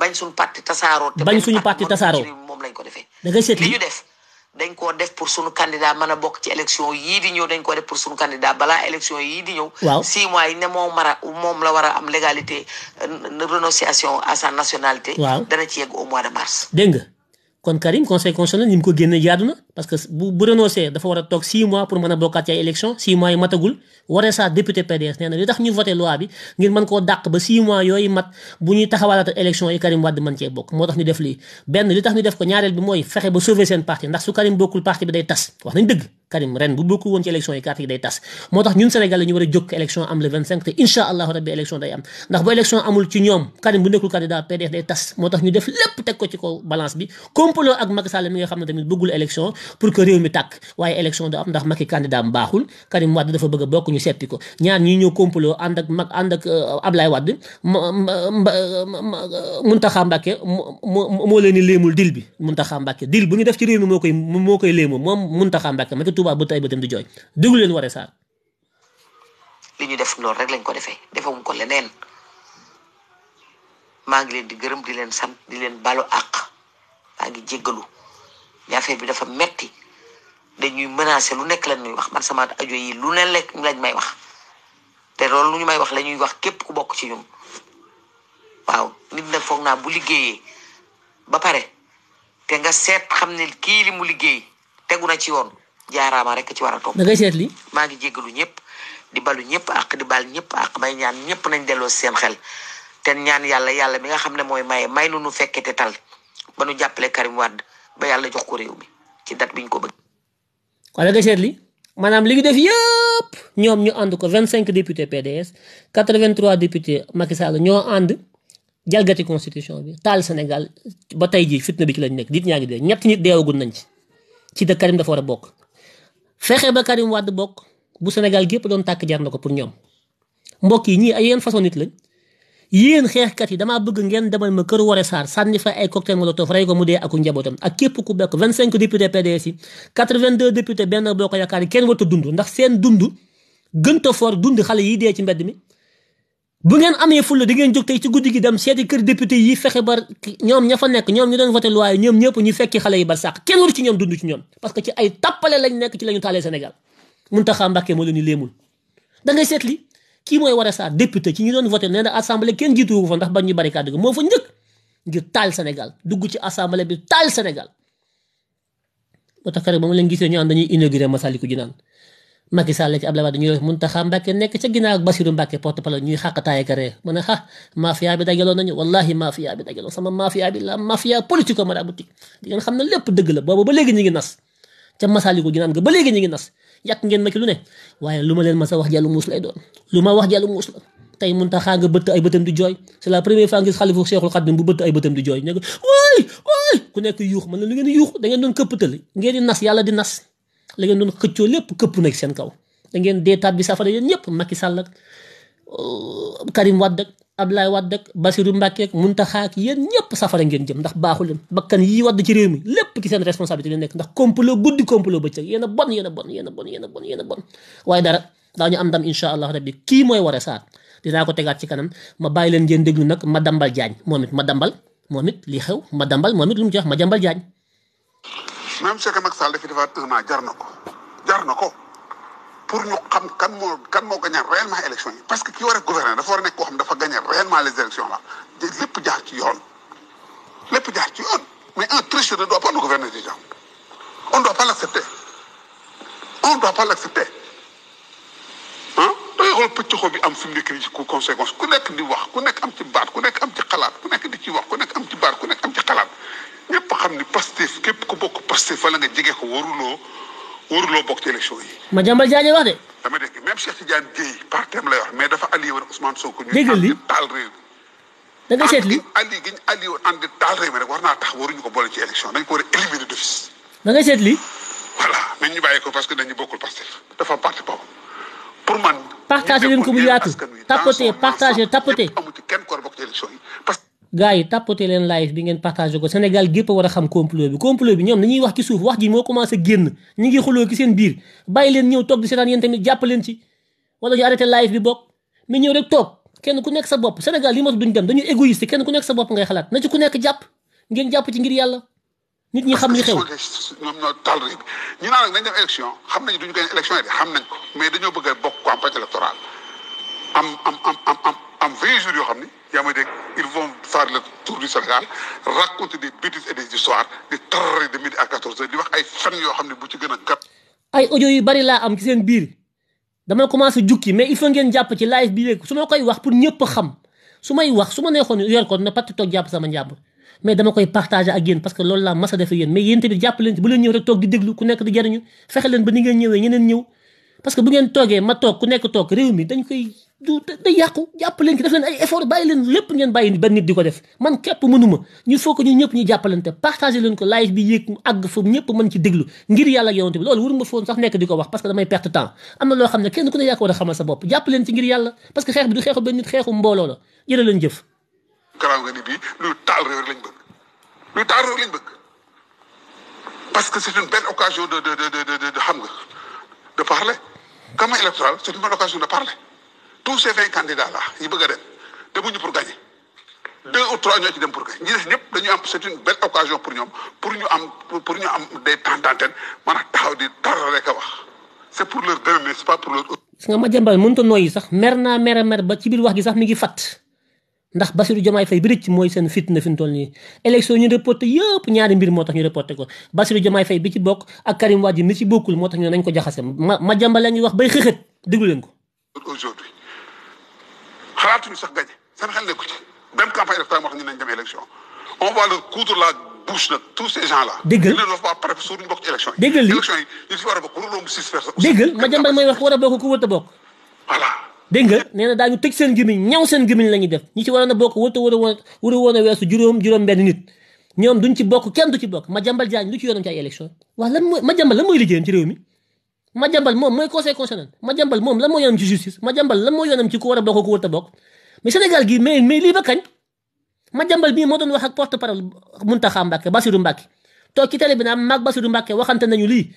bañ suñu parti tasaaroo. bañ suñu parti tasaaroo moom lañ ko da li ñu def dañ koo def pour suñu candidat mën a bokk ci élection yii di ñëw dañ koo def pour suñu candidat balaa élection yii di ñëw. waaw six mois yi ne moom mara moom la war a am légalité renonciation à sa nationalité. waaw dana ci yegg au mois de mars. dégg kon Karim conseil constitutionnel ni mu ko génne jaadu parce que bu bu renoncé dafa war a toog 6 mois pour mën a bokkaat ci ay élection 6 mois yi matagul waree saa député PDS nee li tax ñu voté loi bi ngir mën koo dàq ba 6 mois yooyu mat bu ñuy taxawaalaat ak élection yi Karim Wade mën cee bokk moo tax ñu def lii benn li tax ñu def ko ñaareel bi mooy fexe ba sauver seen parti ndax su Karim bokkul parti bi day tas wax nañ dëgg Karim ren bu bokku woon ci élection yi carte day tas moo tax ñun Sénégalais ñu war a jóg élection am le te incha allahu rabbi élection day am ndax bu élection amul ci ñoom Karim bu nekkul candidat PDS day tas moo tax ñu def lépp teg ko ci kaw balance bi complot ak Macky Sall mi nga xam ne tamit bëggul élection pour que réew mi tàkk waaye élection du am ndax Macky candidat am Karim Wade dafa bëgg a bokk ñu seppi ko ñaar ñi ñëw complot ànd ak mag ànd euh, tubaab bu tay ba dem di jooy déglu leen Waré Sarr. li ñu def loolu rek lañ ko defee defewuñ ko leneen maa ngi leen di gërëm di leen sant di leen balo àq maa ngi jéggalu mais affaire bi dafa metti dañuy menacer lu nekk leen ñuy wax man sama ajo yi lu ne lekk lañ may wax te loolu lu ñu may wax la ñuy wax képp ku bokk ci ñun waaw nit nag foog naa bu liggéeyee ba pare te nga seet xam ne kii li mu liggéey tegu na ci woon jaaraama rek ci war a topp. da ngay seet maa ngi jéggalu ñëpp di balu ñëpp ak di bal ñëpp ak may ñaan ñëpp nañ delloo seen xel. te ñaan yàlla yàlla mi nga xam ne mooy maye may nu nu fekkee te tal ba nu jàppale Karim Wade ba yàlla jox ko réew mi ci date bi ñu ko bëgg. kon da ngay seet li maanaam li ñu def yëpp ñoom ñu ànd ko vingt 25 députés PDS 83 députés Macky Sall ñoo ànd jalgati constitution bi taal Sénégal ba tey jii fitna bi ci lañ nekk nit ñaa ngi dee ñett nit deewagul nañ ci ci de Karim dafa war a bokk. fexe ba Karim Wade bokk bu Sénégal gépp doon tàkk jar na ko pour ñoom mbokk yi ñii ay yéen façon nit lañ yéen xeexkat yi damaa bëgg ngeen demal ma kër Woré Sarr sànni fa ay cocktail molotov rey ko mu dee aku njabootam ak képp ku bekk 25 député PDS yi 82 député Benno Bokk Yaakaar yi kenn warut a dund ndax seen dund gënta fort dund xale yi dee ci mbedd mi bu ngeen amee fulla di ngeen jóg tey ci guddi gi dem seeti kër député yi fexe ba ñoom ña fa nekk ñoom ñu doon voté loi yi ñoom ñëpp ñu fekki xale yi bar sàq kenn waru ci ñoom dund ci ñoom parce que ci mooy war a saa député ci ñu doon voté nee na assemblée kenn jiituwu fa ndax bañ ñu barricade gi moo fa njëkk ngir taal Sénégal dugg ci assemblée bi taal Sénégal moo tax keroog ba ma leen gisee ñu ànd dañuy inauguré Massalikul Jinaan Macky Sall ci Abdoulaye Wade ñuy Mountakha Mbacké nekk ca ginnaaw ak Bassirou Mbacké porte ñuy xàq taay karee mu ne ah mafia bi dajaloo nañu wallahi mafia bi dajaloo bi la mafia politique eh. eh. nga ba léegi ma a wax jàllu muus lay doon lu la tey Mountakha nga bëtt ay di jooy c'est la première fois ngis xalifu Cheikhul Khadim bu bëtt ay bëtam di jooy ne ko waay ku nekk yuux man lu ngeen yuux da ngeen doon këppatal ngeen di nas yàlla di nas la ngeen doon xëccoo lépp këpp nag seen kaw da ngeen dee bi safara yéen ñëpp Macky Sall ak uh, Karim Wade ak Abdoulaye Wade ak Bassirou Mbacké ak Mountakha ak yéen ñëpp safara ngeen jëm ndax baaxu leen bakkan yi wadd ci réew mi lépp ci seen responsabilité la nekk ndax complot guddi complot bëccëg yéen a bon yéen a bon yéen a bon yéen a bon a bon waaye dara daañu am ndam incha allah rabbi kii mooy Woré Sarr dinaa ko tegaat ci kanam ma bàyyi leen ngeen déglu nag ma dambal jaañ moom it ma dambal moom it li xew ma dambal moom it lu mu jox ma jambal jaañ même su fekkee Macky Sall dafa defaat un an jar na ko jar na ko pour ñu xam kan moo kan moo gagné réellement élection yi parce que ki war e gouverner dafa war a nekk koo xam dafa gagné réellement les élections là lépp jaar ci yoon lépp jaar ci yoon mais un tricheur ne doit pas nous gouverner des gens on doit pas l'accepter on doit pas l'accepter ah da ngay bi am fi mu nekk nii conséquence ku nekk di wax ku nekk am ci baat ku nekk am ci xalaat ku nekk di ci wax ku nekk am ci baat ku nekk am ci xalaat ñëpp xam ni Pastef képp ku bokk Pastef wala nga jege ko waruloo waruloo bokk ci élection yi. Madiambal Diagne wax de. dama dégg a éliminer d'office. yaatu tapoter partagé tapoter a bokk gars yi tapoté leen live bi ngeen partagé ko Sénégal gépp war a xam complot bi complot bi ñoom dañuy wax ci suuf wax ji moo commencé génn ñu ngi xuloo ci seen biir bàyyi leen ñëw toog di seetaan yéen tamit jàpp leen ci wala ñu arrêté live bi bokk mais ñëw rek toog kenn ku nekk sa bopp Sénégal li matu duñ dem dañuy égoïste kenn ku nekk sa bopp ngay xalaat na ci ku nekk jàpp ngeen jàpp ci ngir yàlla nit ñi xam li xew ñoom ñoo taal réew ñu naan xam nañ duñu gañ élection yi de xam nañ ko mais dañoo bëgg a bokk campagne électorale am am am am faire le tour du Sénégal raconter des bêtises et di a gàtt. ay biir dama commencé jukki mais il faut ngeen jàpp ci su ma koy wax pour ñëpp xam su may wax su ma neexoon yor ko na toog jàpp sama njàmbur mais dama koy partager ak yéen parce que loolu laa mas a defee yéen mais yéen tamit jàpp leen ci bu leen ñëw rek toog di déglu ku nekk di jariñu fexe leen ba ni ngeen ñëwee ñeneen ñëw parce que bu ngeen toogee ma toog ku nekk toog réew mi dañ koy du day yàqu jàppaleen ci def leen ay effort bàyyi leen lépp ngeen bàyyi benn nit di ko def man képp mënuma ñu faut que ñun ñëpp ñu jàppalante partagé leen ko live bi yéeg àgg fa ñëpp mën ci déglu ngir yàlla ak bi loolu waruma foon sax nekk di ko wax parce que damay perte temps am na loo xam ne kenn ku ne yaa war a xamal sa bopp jàppaleen ci ngir yàlla parce que xeex bi du xeexu benn nit xeexu mbooloo la jëf garaaw nga ni bii lu taal réew tous ces vingt candidats yi bëgg a dem demuñu pour gagner deux ou trois pour gagner ñi des ñëpp dañu am c'est une belle occasion pour ñoom pour ñu am pour ñu am des temps d'antenne maanaam taxaw di dara rek a wax c'est pour leur dernier c'est pas pour leur. su nga ma jàmbal mënuta nooyi sax mer naa mer a mer ba ci biir wax gi sax mi ngi fatt ndax Bassirou Diomaye Faye bi rëcc mooy seen fitna fi mu toll nii élection ñu reporté yëpp ñaari mbir moo tax ñu reporté ko Bassirou Diomaye Faye bi ci bokk ak Karim Wade mi ci bokkul moo tax ñu nañ ko jaxase ma ma jàmbal la ñuy wax bay xëxët déglu leen ko aujourd'hui xalaatuñu sax gañe seen xel nekku ci dem élection on va leur la bouche nag tous ces gens déggal li a bokk warul romb six personnes. déggal ma jàmbal may wax ku war a bokk ku wërta bokk. voilà. dégg nga nee na daañu tëj seen gémmiñ ñaw seen gémmiñ la ñuy def ñi ci waroon a bokk wërta war a war a woon a weesu juróom juróom benn nit ñoom duñ ci bokk kenn du ci bokk ma jàmbal jaañ lu ci yoonam ci ay élection wax lan mooy ma jàmbal lan mooy liggéeyam ci réew mi Madiambal moom mooy conseil constitutionnel Madiambal moom lan moo yoonam ci justice Madiambal lan moo yoonam ci ku war a bokk ku wër ta bokk mais Sénégal gii mais lii ba kañ Madiambal bii moo doon wax ak porte parole Mountakha Mbacké Bassirou Mbacké to ci télé bi naan maag Bassirou Mbacké waxante nañu lii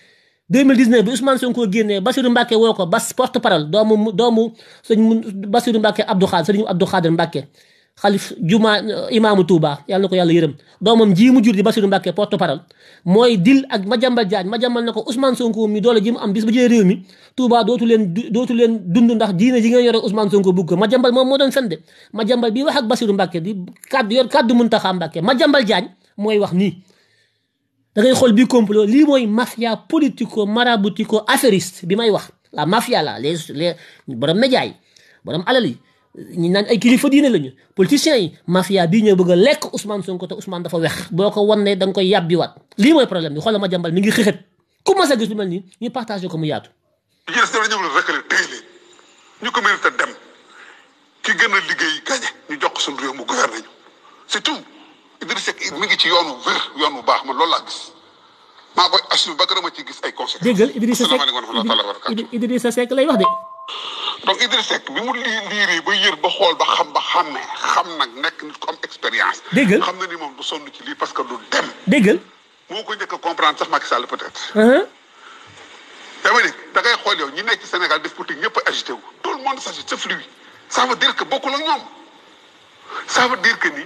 2019 bi Ousmane Sonko génnee Bassirou Mbacké woo ko bas porte parole doomu doomu sëñ Bassirou Mbacké Abdou Khadre sëñ Abdou Khadre Mbacké xalif juma euh, imaamu Touba yàlla na ko yàlla yërëm doomam ji mu jur di Bassirou Mbacké porte parole mooy dil ak Madiambal Diagne Madiambal na ko Ousmane Sonko mi doole ji mu am bis ba jëlee réew mi Touba dootu leen dootu leen dund ndax diine ji ngeen yore Ousmane Sonko bugg ko Madiambal moom moo doon sende Madiambal bi wax ak Bassirou Mbacké di kàddu yor kàddu Mountakha Mbacké Madiambal Diagne mooy wax nii da ngay xool bi complot lii mooy mafia politico maraboutico affairiste bi may wax la mafia les les borom média yi borom alal ñi naan ay kilifa diine lañu politiciens yi mafia bii ñoo bëgg a lekk Ousmane Sonko te Ousmane dafa wex boo ko wan ne da koy yàbbiwaat lii mooy problème bi xoolal ma jàmbal mi ngi xëxët ku mas a mel nii ñu ko yaatu. yéen si dama la rëkkale tey leen ñu dem ki gën a liggéey gagné ñu jox ko suñu mu gouverné ñu tout Idrissa Seck ma loolu laa gis. maa koy assuré a ci gis ay conséquences. dégg nga Idrissa lay wax de donc Idriss Seck bi mu lii liiree ba yër ba xool ba xam ba xàmme xam nag nekk nit ko am expérience. déggal xam na ni moom du sonn ci lii parce que du dem. déggal moo ko njëkk a comprendre sax Macky Sall peut-être. Uh-huh. dama ne da ngay xool yow ñi nekk ci Sénégal def politique ñëpp a wu. tout le monde s'agite sauf lui ça veut dire que bokkul ak ñoom ça dire que ni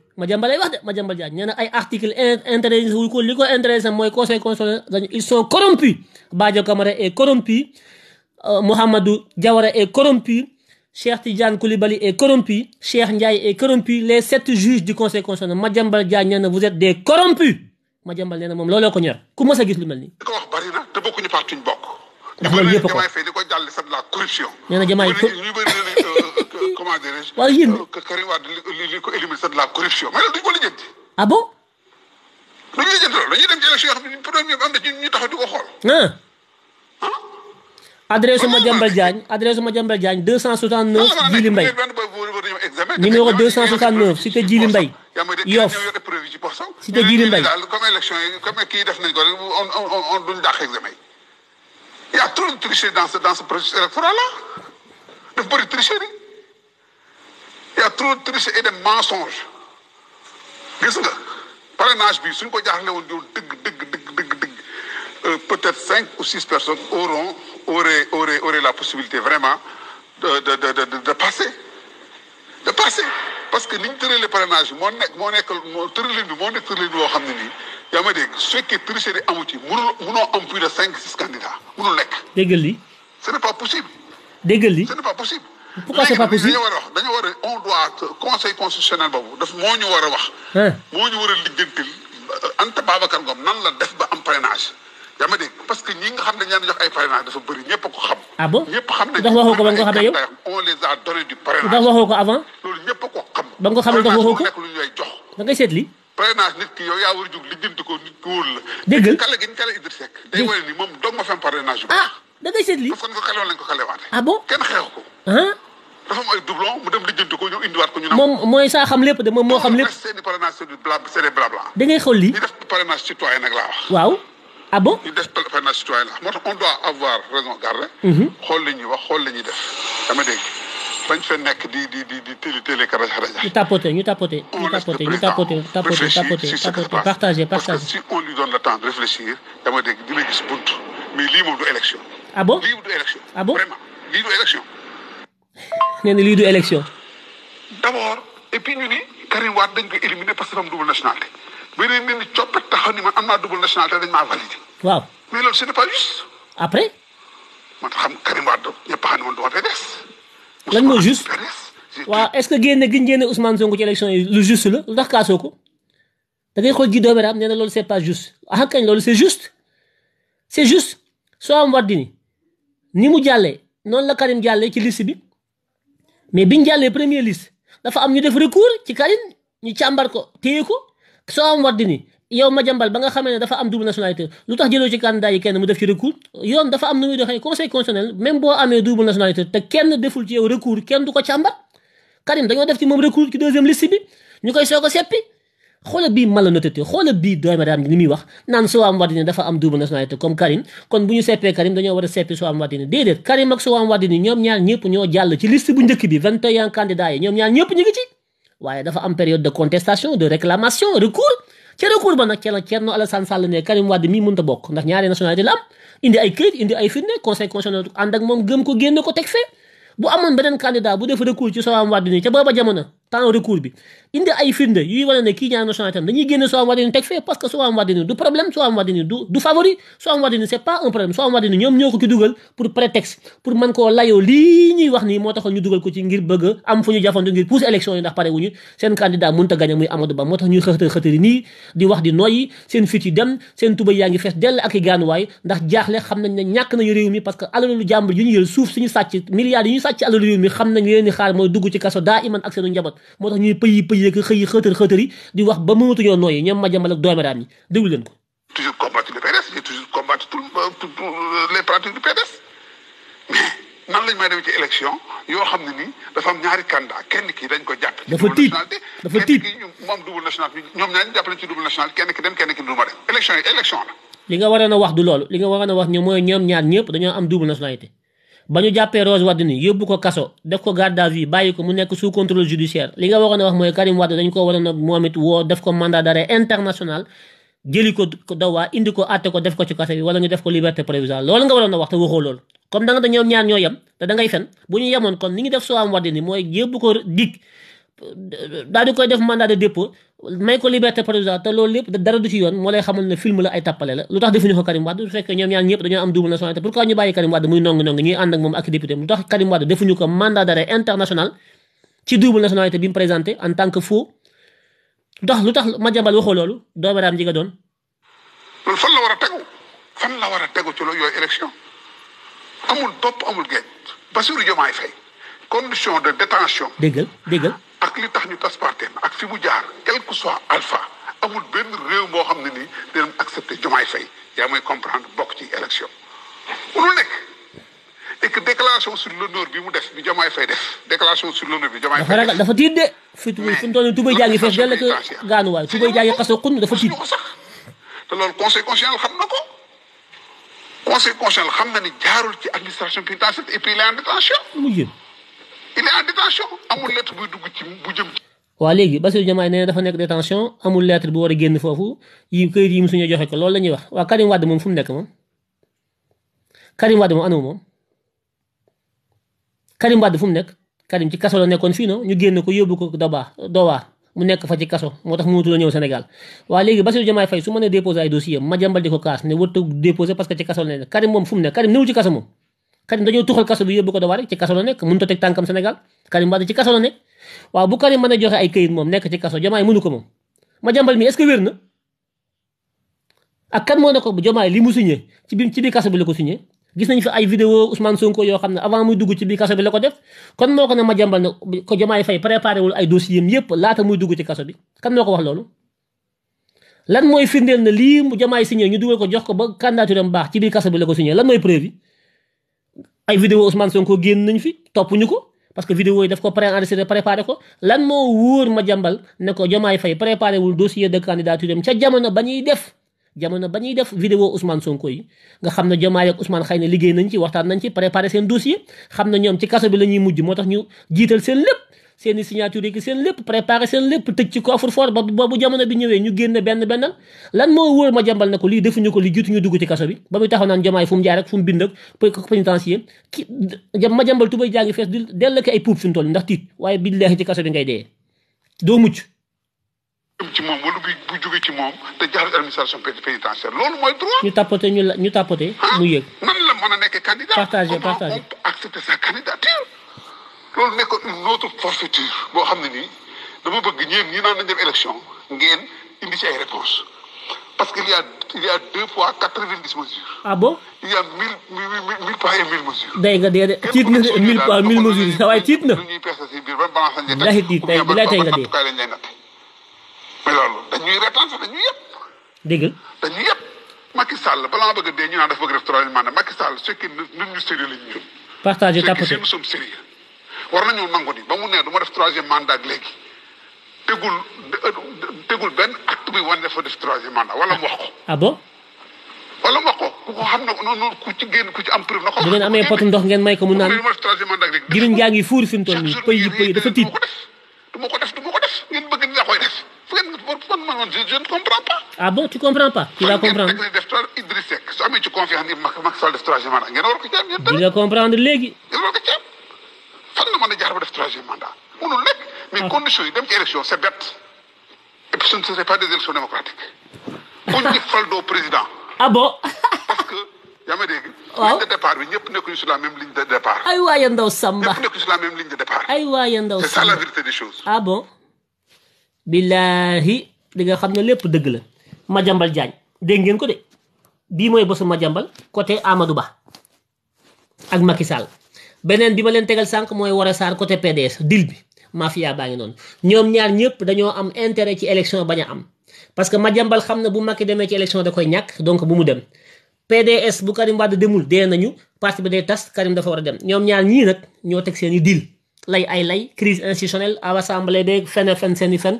Madiambal lay wax de Madiambal Diagne nee na ay article intéressé wu ko li ko intéressé mooy conseil constitutionnel dañu ils sont corrompus Badio Camara est corrompu euh, Mouhamadou Diawara est corrompu Cheikh Tidiane Koulibaly est corrompu Cheikh Ndiaye est corrompu les sept juges du conseil constitutionnel Madiambal Diagne nee na vous êtes des corrompus Madiambal nee na moom looloo ko ñor ku mës a gis lu mel nii. na te ndax loolu yëpp ko jamaay fay ko jàll c'est de la corruption. nee na jamaay ko ñu bëri ne euh, comment dirais-je. waaye yéen Karim Wade li li ko éliminer c'est de la corruption mais loolu duñ ko lijjanti. ah bon. duñ lijjanti loolu dañuy dem ci élection yoo xam ne problème am na ko xool. ah. ah. adresse Madiambal Diagne adresse Madiambal Diagne ko on Il y a trop de tricheries dans ce, dans ce processus électoral-là. De beaucoup de tricheries. Il y a trop de tricheries de mensonges. gis nga parrainage bi suñ ko jaaxle woon di dëgg dëgg dëgg dëgg dëgg uh, peut-être cinq ou six personnes auront auraient auraient la possibilité vraiment de de de de de passer de passer parce que ni ñu tëralee parrainage bi moo nekk moo nekk moo tëralin bi moo nekk tëralin boo xam ne nii. yaa may dégg su fekkee tricherie amu ci mënoo mënoo am plus de cinq six candidats mënul nekk. dégg li ce n'est pas possible. dégg li ce n'est pas possible. pourquoi c'est pas possible dañoo war a wax dañoo war a on doit conseil constitutionnel boobu daf moo ñu war a wax. moo ñu war a lijjantil euh, Anta Babacar Ngom nan la def ba am parrainage. yaa parce que ñi nga xam ne ñaan jox ay parrainage dafa bëri ñëpp a ko xam. ah bon ñëpp xam ne yow on a donné du parrainage. ndax waxoo ko avant. loolu ñëpp a ko xam. ba parrainage nit ki yow yaa war a jug lijjanti nit ki wóor la. dégg kale gi ñu kale Idriss Seck. Ah, seetli parce que ni ko kalewoon lañ ko ah kenn xeex ko. Ah. dafa am ay doublon mu dem lijjanti ko ñëw indiwaat ko ñu. moom mooy saa xam lépp de moom moo xam lépp. seen i parrainage c'est du bla c'est des blabla. da ngay xool lii ñu def parrainage citoyen nag waaw ah ñu def parrainage citoyen la moo tax on doit avoir raison garder. Mhm. xool li ñuy wax xool li def dama dégg bañ fa nekk di di di di tëli tëli ka rajax rajax. ñu tapoter ñu tapoter. ñu tapoter ñu tapoter tapoter tapoter tapoter partager partager. parce que si on lui donne le temps de réfléchir dama dégg dina gis bunt mais lii moom du élection. ah bon lii du élection. ah bon vraiment lii du élection. nee na lii du élection. d' abord et puis ñu ni Karim Wade dañ ko éliminer parce que dafa am double nationalité. ba léegi ñu ne coppet taxaw ni man am naa double nationalité dañ maa validé. waaw mais loolu ce n' est pas juste. après. man xam Karim Wade ñëpp xam ne man du ma PDS. lan mooy juste waaw est-ce que génne gi ñu génne Ousmane Sonko ci élection yi lu juste la lu tax kaasoo ko da ngay xool ji doomi raam nee na loolu c'est pas juste ah kañ loolu c'est juste c'est juste soo am war ni mu jàllee noonu la Karim jàllee ci liste bi mais biñ jàllee premier liste dafa am ñu def recours ci Karim ñu càmbar ko téye ko soo am war yow Madiambal ba nga xamee ne dafa am double nationalité lu tax jëloo ci candidat yi kenn mu def ci recours yoon dafa am nu muy doxee conseil ko càmbar Karim dañoo def ci moom recours ci deuxième liste bi ñu wax naan Soham Wardini dafa am double nationalité comme Karim kon bu ñu seppee Karim dañoo war a seppi Soham Wardini déedéet Karim ak Soham Wardini ñoom ñaar ñëpp ñoo jàll ci liste bu njëkk bi 21 candidats yi ñoom ñaar ñëpp ñu ngi ci waaye dafa am période de contestation de réclamation recours ca recours ba nag kenn Thierno Alassane Sall ne Karim Wade mii mënut a bokk ndax ñaari nationalité la am indi ay këyit indi ay firnde conseil constitutionnel ànd ak moom gëm ko génne ko teg fee bu amoon beneen candidat bu def recours ci Soham Wardini ca booba jamono temps recours bi indi ay firnde yuy wane ne kii ñaari nationalité am dañuy génne Soham Wardini teg fee parce que Soham Wardini du problème Soham Wardini du du favori Soham Wardini c'est pas un problème Soham Wardini ñoom ñoo ko ci dugal pour prétexte pour mën koo layoo lii ñuy wax nii moo taxoon ñu dugal ko ci ngir bëgg am fu ñu jafandu ngir pousse élection yi ndax pare wuñu seen candidat mënut a gañe muy Amadou Ba moo tax ñuy xëtër xëtëri nii di wax di i yeeg xëy yi xëtër xëtër di wax ba mënatuñoo nooyi ñoom Madiambal ak doomeraam ñi déglu ko. toujours combattre le PDS j'ai toujours combattu tout euh, les pratiques du PDS mais nan may demee ci élection yoo xam ne nii dafa am ñaari candidat kenn ki dañ ko jàpp. dafa tiit dafa tiit kenn ki ñu moom double nationalité ñoom ñaar ñu jàppale ci double nationalité kenn ki dem kenn ki du ma dem élection yi élection la. li nga waroon a wax du loolu li nga waroon a wax ñoom mooy ñoom ñaar ñëpp dañoo am double nationalité. ba ñu jàppee Rose Wardini yóbbu ko kaso def ko garde à vue bàyyi ko mu nekk sous contrôle judiciaire li nga waroon a wax mooy Karim Wade dañ ko waroon a moom it woo def ko mandat d'arrêt international jëli ko dawaa indi ko àtte ko def ko ci kaso bi ñu def ko liberté provisoire loolu nga waroon a wax te waxoo loolu comme da nga ñaar ñoo yem te da fen bu ñu yemoon kon ni ñu def soo am Wardini mooy yóbbu ko dig daal di koy def mandat de dépôt may ko liberté provisoire te loolu lépp dara du ci yoon moo lay xamal ne film la ay tappale la lu tax defuñu ko Karim Wade su fekkee ñoom ñaar ñëpp dañoo am double nationalité pourquoi ñu bàyyi Karim Wade muy nongi-nongi ñuy ànd ak moom ak député lu tax Karim Wade defuñu ko mandat d'arrêt international ci double nationalité bi présenté en tant que faux lu tax lu tax Madiambal waxoo loolu doomeraam ji nga doon. loolu fan la a tegu a tegu ci loolu yooyu élection amul ak li tax ñu tas parteem ak fi mu jaar quel que soit alpha amul benn réew moo xam ne nii dinañ accepter Diomaye Faye yaa may comprendre bokk ci élection munul nekk et que déclaration sur l'honneur bi mu def bi Diomaye Faye def déclaration sur l'honneur bi Diomaye Faye def dafa tiit de fi fi mu toll nii tubay jaagi fees dell ak gaanuwaay tubay jaagi xasoo kun dafa tiit ko sax te loolu conseil xam na ko conseil constitutionnel xam na ni jaarul ci administration pénitentiaire et il est en détention amul lettre buy dugg ci bu dafa nekk détention amul lettre bu war a génn foofu yi këyit yi mu suñu joxe ko loolu la ñuy wax waa Karim Wade moom fu mu nekk moom Karim Wade moom anamu moom Karim Wade fu mu nekk Karim ci kaso la nekkoon fii no ñu génn ko yóbbu ko Doba Dowa mu nekk fa ci kaso moo tax mënatul a ñëw Sénégal waaw léegi Bassirou Diomaye Faye su ma nee déposé ay dossier ma jàmbal di ko kaas ne warut a parce que ci kaso la nekk Karim moom fu nekk Karim néew ci kaso moom. Karim dañoo tuxal kaso bi yóbbu ko Dóor waar ci kaso la nekk mënut a teg tànkam Sénégal Karim Wade ci kaso la nekk waaw bu Karim mën a joxe ay këyit moom nekk ci kaso ko moom Madiambal mi est kan moo ne ko Diomaye li mu signé ci bi ci biir kaso bi la ko signé gis nañ fi ay vidéo Ousmane Sonko yoo xam ne avant muy dugg ci biir kaso bi la ko def kon moo ko ne Madiambal ne ko Diomaye Faye préparé wul ay dossiers yëpp laata muy dugg ci kaso bi kan moo ko wax loolu lan mooy firndeel na lii Diomaye signé ñu dugal ko jox ko ba candidature am baax ci biir kaso bi la ko signé lan mooy preuve ay vidéo Ousmane Sonko génn nañ fi toppuñu ko parce que vidéo yi daf ko pré-enregistré préparé ko lan moo wóor ma jàmbal ne ko Diomaye Faye préparé wul dossier de candidature am ca jamono ba ñuy def jamono ba ñuy def vidéo Ousmane Sonko yi nga xam ne Diomaye ak Ousmane xëy na liggéey nañ ci waxtaan nañ ci préparé seen dossier xam na ñoom ci kaso bi la mujj moo tax ñu jiital seen lépp seen i signature yi seen lépp préparé seen lépp tëj ci coffre fort ba bu jamono bi ñëwee ñu génne benn bennal lan moo wóor ma na ko lii defuñu ko li jiitu ñu dugg ci kaso bi ba muy taxaw naan jamaay fu jaar ak fu bind ak pénitencier ma jàmbal tubay jàngi fees di dell ko ay puub fi mu toll ndax tiit waaye billaahi ci kaso bi ngay dee doo mucc ci moom wala bu bu jóge ci ñu tapote ñu la ñu tapote. mu yëg ah, nan la mën a loolu nekk une autre forfaiture boo xam ne nii dama bëgg ñeen ñi naan nañ dem élection ngeen indi ci ay réponses parce que il y a il a deux fois quatre-vingt-dix mesures. ah bon. il y a mille mille mille fois et mille mesures. day nga dee de na mille fois sa waay tiit na. lu ñuy peese bilay tey nga dee nattukaay lañ lay natt mais loolu dañuy retaan sax dañuy yëpp. dégg nga dañuy yëpp. Macky Sall balaa nga a dee ñu naan dafa bëgg def troisième mandat Macky Sall su fekkee ñun ñu sérieux lañ ñu. partagé tapoté war nañoo nangu ni ba mu nee du ma def troisième mandat ak léegi tegul tegul benn acte bi wane dafa def troisième wala mu wax ko. ah bon. wala mu wax ko ku ko xam ne ci génn ku ci am ko. bu ngeen amee potu ndox ngeen may ko mu naan giriñ yaa ngi fuur fi mu toll nii pëy dafa tiit. du ko def du ma ko def ngeen bëgg ni da koy def fu ngeen man man je je ne comprends pas. ah bon tu comprends pas. tu vas comprendre ngeen def trois Idriss Seck su amee ci confiance ni Macky Sall def troisième mandat ngeen war ko ci am. di nga comprendre léegi. ngeen war ko ci fan la mën a jaar ba def troisième mandat mënul nekk. mais ah. yi dem ci élection c' est bête. des élections démocratiques. buñ ñu doo président. ah parce que yaa ma dégg. waaw ñëpp nekkuñu sur la même ligne de départ. ay waay ndaw Samba ñëpp nekkuñu sur la même ligne de ay waay ndaw Samba c' est ça choses. ah bon. billahi di nga xam ne lépp dëgg la. Madiambal Diagne dégg ngeen ko de bii mooy bosu Madiambal côté Amadou Ba ak Macky beneen bi ma leen tegal sànq mooy war Woré Sarr côté PDS dil bi mafia baa ngi noonu ñoom ñaar ñëpp dañoo am intérêt ci élection bañ am parce que Madiambal xam na bu Macky demee ci élection da koy ñàkk donc bu mu dem PDS bu Karim Wade demul dee nañu parti bi day tas Karim dafa war a dem ñoom ñaar ñii nag ñoo teg seen i dil lay ay lay crise institutionnelle à l'Assemblée beeg fenn fenn seen i fenn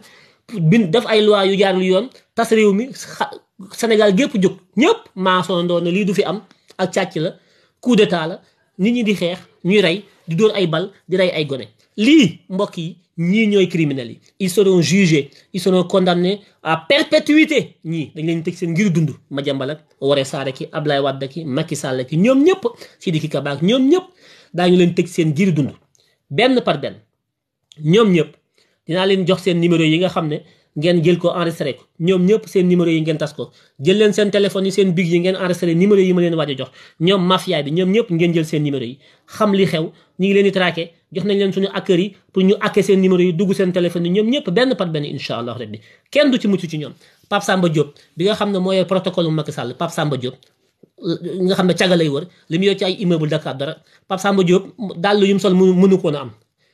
bin def ay loi yu jaarul yoon tas réew mi Sénégal gépp jóg ñëpp maasoo ndoon lii du fi am ak càcc la coup d'état la nit ñi di xeex ñuy rey di dóor ay bal di rey ay gone lii mbokk yi ñii ñooy criminels yi ils seront jugés ils seront condamnés à perpétuité ñii dañ leen tëj seen ngir dund Madiambal ak Woré Sarr ak Abdoulaye Wade ak Macky Sall ak ñoom ñëpp Sidiki Kaba ak ñoom ñëpp daañu leen tëj seen ngir dund benn par benn ñoom ñëpp dinaa leen jox seen numéro yi nga xam ne ngeen jël ko enregistré ko ñoom ñëpp seen numéro yi ngeen tas jël leen seen téléphone yi seen big yi ngeen enregistré numéro yi ma leen waaj jox ñoom mafia bi ñoom ñëpp ngeen jël seen numéro yi xam li xew ñu leen di jox nañ leen suñu hackers yi pour ñu hacké seen numéro yi dugg seen téléphone yi ñoom ñëpp benn par benn incha allah rabbi kenn du ci mucc ci ñoom Pape Samba Diop bi nga xam ne mooy protocole bu Macky Sall Pape Samba Diop nga xam ne caga lay wër mu yor ci ay immeuble Dakar am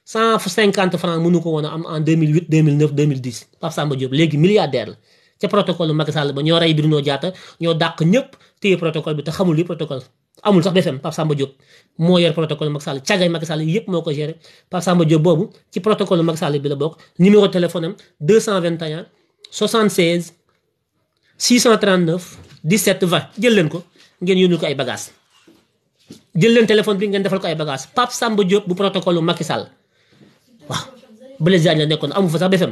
cent cinquante franc mënu ko woon am en 2008 2009 2010 Pape Samba Diop léegi milliardaire la ca protocole Macky Sall ba ñoo rey Bruno Diatta ñoo dàq ñëpp téye protocole bi te xamul li protocole amul sax BFM Pape Samba Diop moo yor protocole Macky Sall cagay Macky Sall yëpp moo ko géré Pape Samba Diop boobu ci protocole Macky Sall bi la bokk numéro téléphone am 221 76 639 17 jël leen ko ngeen yónnul ko ay bagages jël leen téléphone bi ngeen defal ko ay bagages Pape Samba Diop bu protocole Macky Sall waaw Blaise Diagne la nekkoon amu fa sax BFM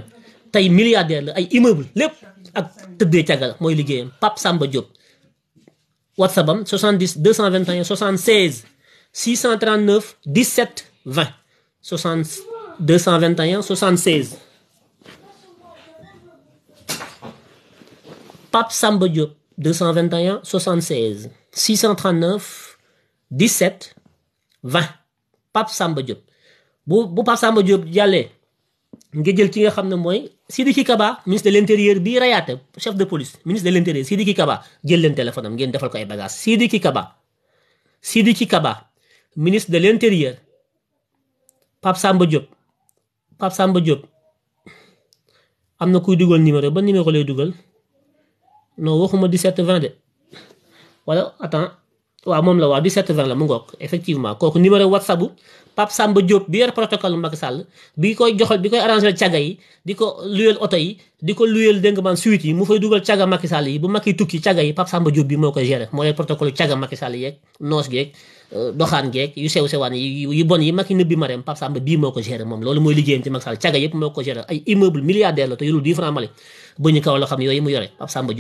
tey milliardaire la ay immeuble lépp ak tëddee càggal mooy liggéeyam Pape Samba Diop WhatsApp am 70 221 76 639 17 20 60 221 76 Pape Samba Diop 221 76 639 17 20 Pape Samba Diop bu bu Pape Samba Diop jàllee nga jël ci nga xam ne mooy Sidiki Kaba ministre de l' intérieur bii rayaate chef de police ministre de l' intérieur Sidiki Kaba jël leen téléphone am ngeen defal ko ay bagages Sidiki di Sidiki Kaba ministre de l' intérieur Pape Samba Diop Pape Samba Diop am na kuy dugal numéro ba numéro lay dugal non waxuma 17 20 de wala attends waaw moom la waaw 17 20 la mu ngoog effectivement kooku numéro whatsapp Pape Samba Diop bi yor protocole Macky Sall bi koy joxal bi koy arrangé caga yi di ko luyeel oto yi di ko luyeel dégg man suite yi mu fay dugal caga Macky Sall yi bu Macky tukki caga yi Pape Samba Diop bi moo koy géré moo yor protocole caga Macky Sall yeeg euh, yi yu bon yi Macky nëbbi mareem ko géré moom loolu mooy liggéeyam ci Macky Sall caga yëpp moo ko géré ay immeuble milliardaire la te yorul 10 francs Mali ba ñu kaw loo xam yooyu mu yore Pape Samba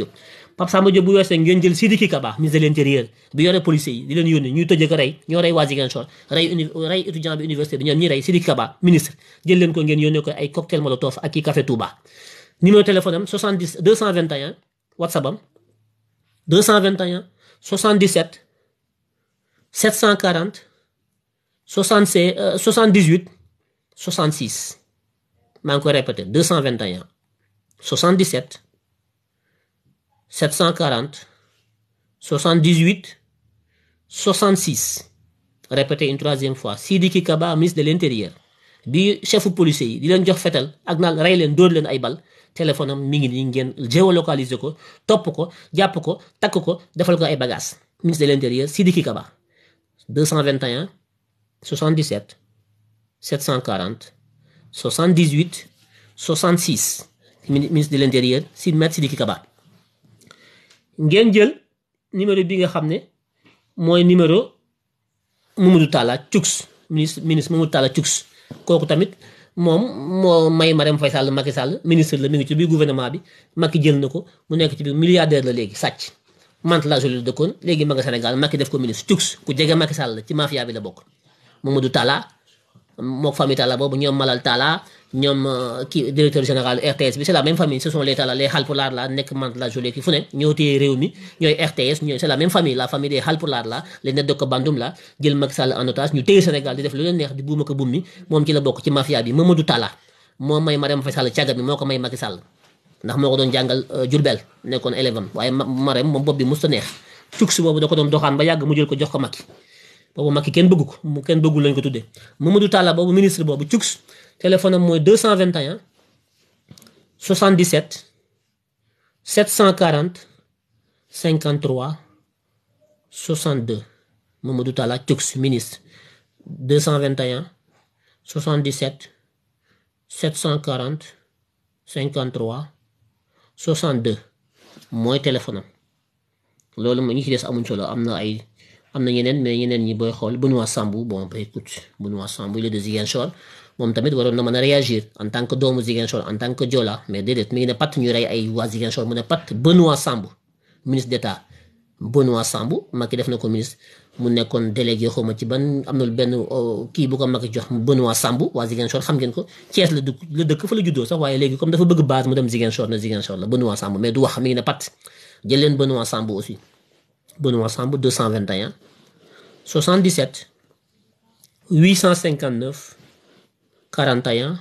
Pape Samba Diop bu weesoo ngeen jël Sidiki Kaba ministre de l'intérieur bi yore policier yi leen yónni ñuy tëjee ko rey ñoo rey waa Ziguinchor rey uni rey étudiant bi université bi ñoom ñi rey Sidiki Kaba ministre jël leen ko ngeen yónnee ko ay cocktail molotov ak i café Touba. numéro téléphone am 70 221 WhatsApp am 221 77 740 76 78 66 maa ngi koy répété 221 77. 740, 78, 66. Répétez une troisième fois. Sidiki Kaba, ministre de l'Intérieur. bi chefu policier yi di leen jox fetal ak naan rey leen dóor leen ay bal téléphone am mi ngi nii ngeen géolocaliser ko topp ko jàpp ko takk ko defal ko ay bagages. ministre de l'intérieur Sidiki Kaba 221 77 740 78 66 ministre de l'intérieur Sidiki Kaba. ngeen jël numéro bi nga xam ne mooy numéro Mamadou Talla Cuks ministre ministre Mamadou Talla Cuks kooku tamit moom moo may Marème Faye Sall Macky Sall ministre la mi ngi ci biir gouvernement bi Macky jël na ko mu nekk ci bi milliardaire la léegi sàcc mant la jolie dëkkoon léegi ma nga Sénégal Macky def ko ministre Cuks ku jege Macky Sall la ci mafia bi la bokk Mamadou Talla mook famille Talla boobu ñoom Malal Talla ñoom euh, kii directeur général RTS bi c'est la même famille ce sont les Tala les Halpulaar la nekk Mandela Jolof ki fu ne ñoo téye réew mi ñooy RTS ñooy c'est la famille la famille des Halpulaar la les Neddoco leen neex di ko bummi moom ci la bokk ci mafia ko may Macky ndax moo ko doon jàngal Jurbel euh, nekkoon élève am waaye Marième moom bopp bi musta neex tuksi boobu da ko doon doxaan ba yàgg mu jël ko jox ko Macky boobu Macky kenn bëggu ko mu kenn bëggul lañ ko tuddee téléphone am mooy 221 77 740 53 62 Mamadou Talla Tiox cent 221 77 740 53 62 mooy téléphone am loolu mooy ñi ci des amuñ solo am na ay am na ñeneen mais ñeneen ñi booy xool Benoît Sambou bon ba écoute Benoît Sambou il est de Ziguinchor moom tamit waroon na mën a réagir en tant que doomu Ziguinchor en tant que Joola mais déedéet mi ngi ne patt ñu rey ay waa Ziguinchor mu ne patt Benoît Sambou ministre d'État Benoît Sambou def na ko mu nekkoon délégué xaw ma ci ban am na benn euh, kii bu ko Macky jox Benoît Sambou waa Ziguinchor xam ngeen ko Thiès la dëkk la dëkk fa la juddoo sax waaye léegi comme dafa bëgg base mu dem Ziguinchor na Ziguinchor la Benoît Sambou mais du wax mi ngi ne patt jël leen Benoît Sambou aussi Benoît Sambou 41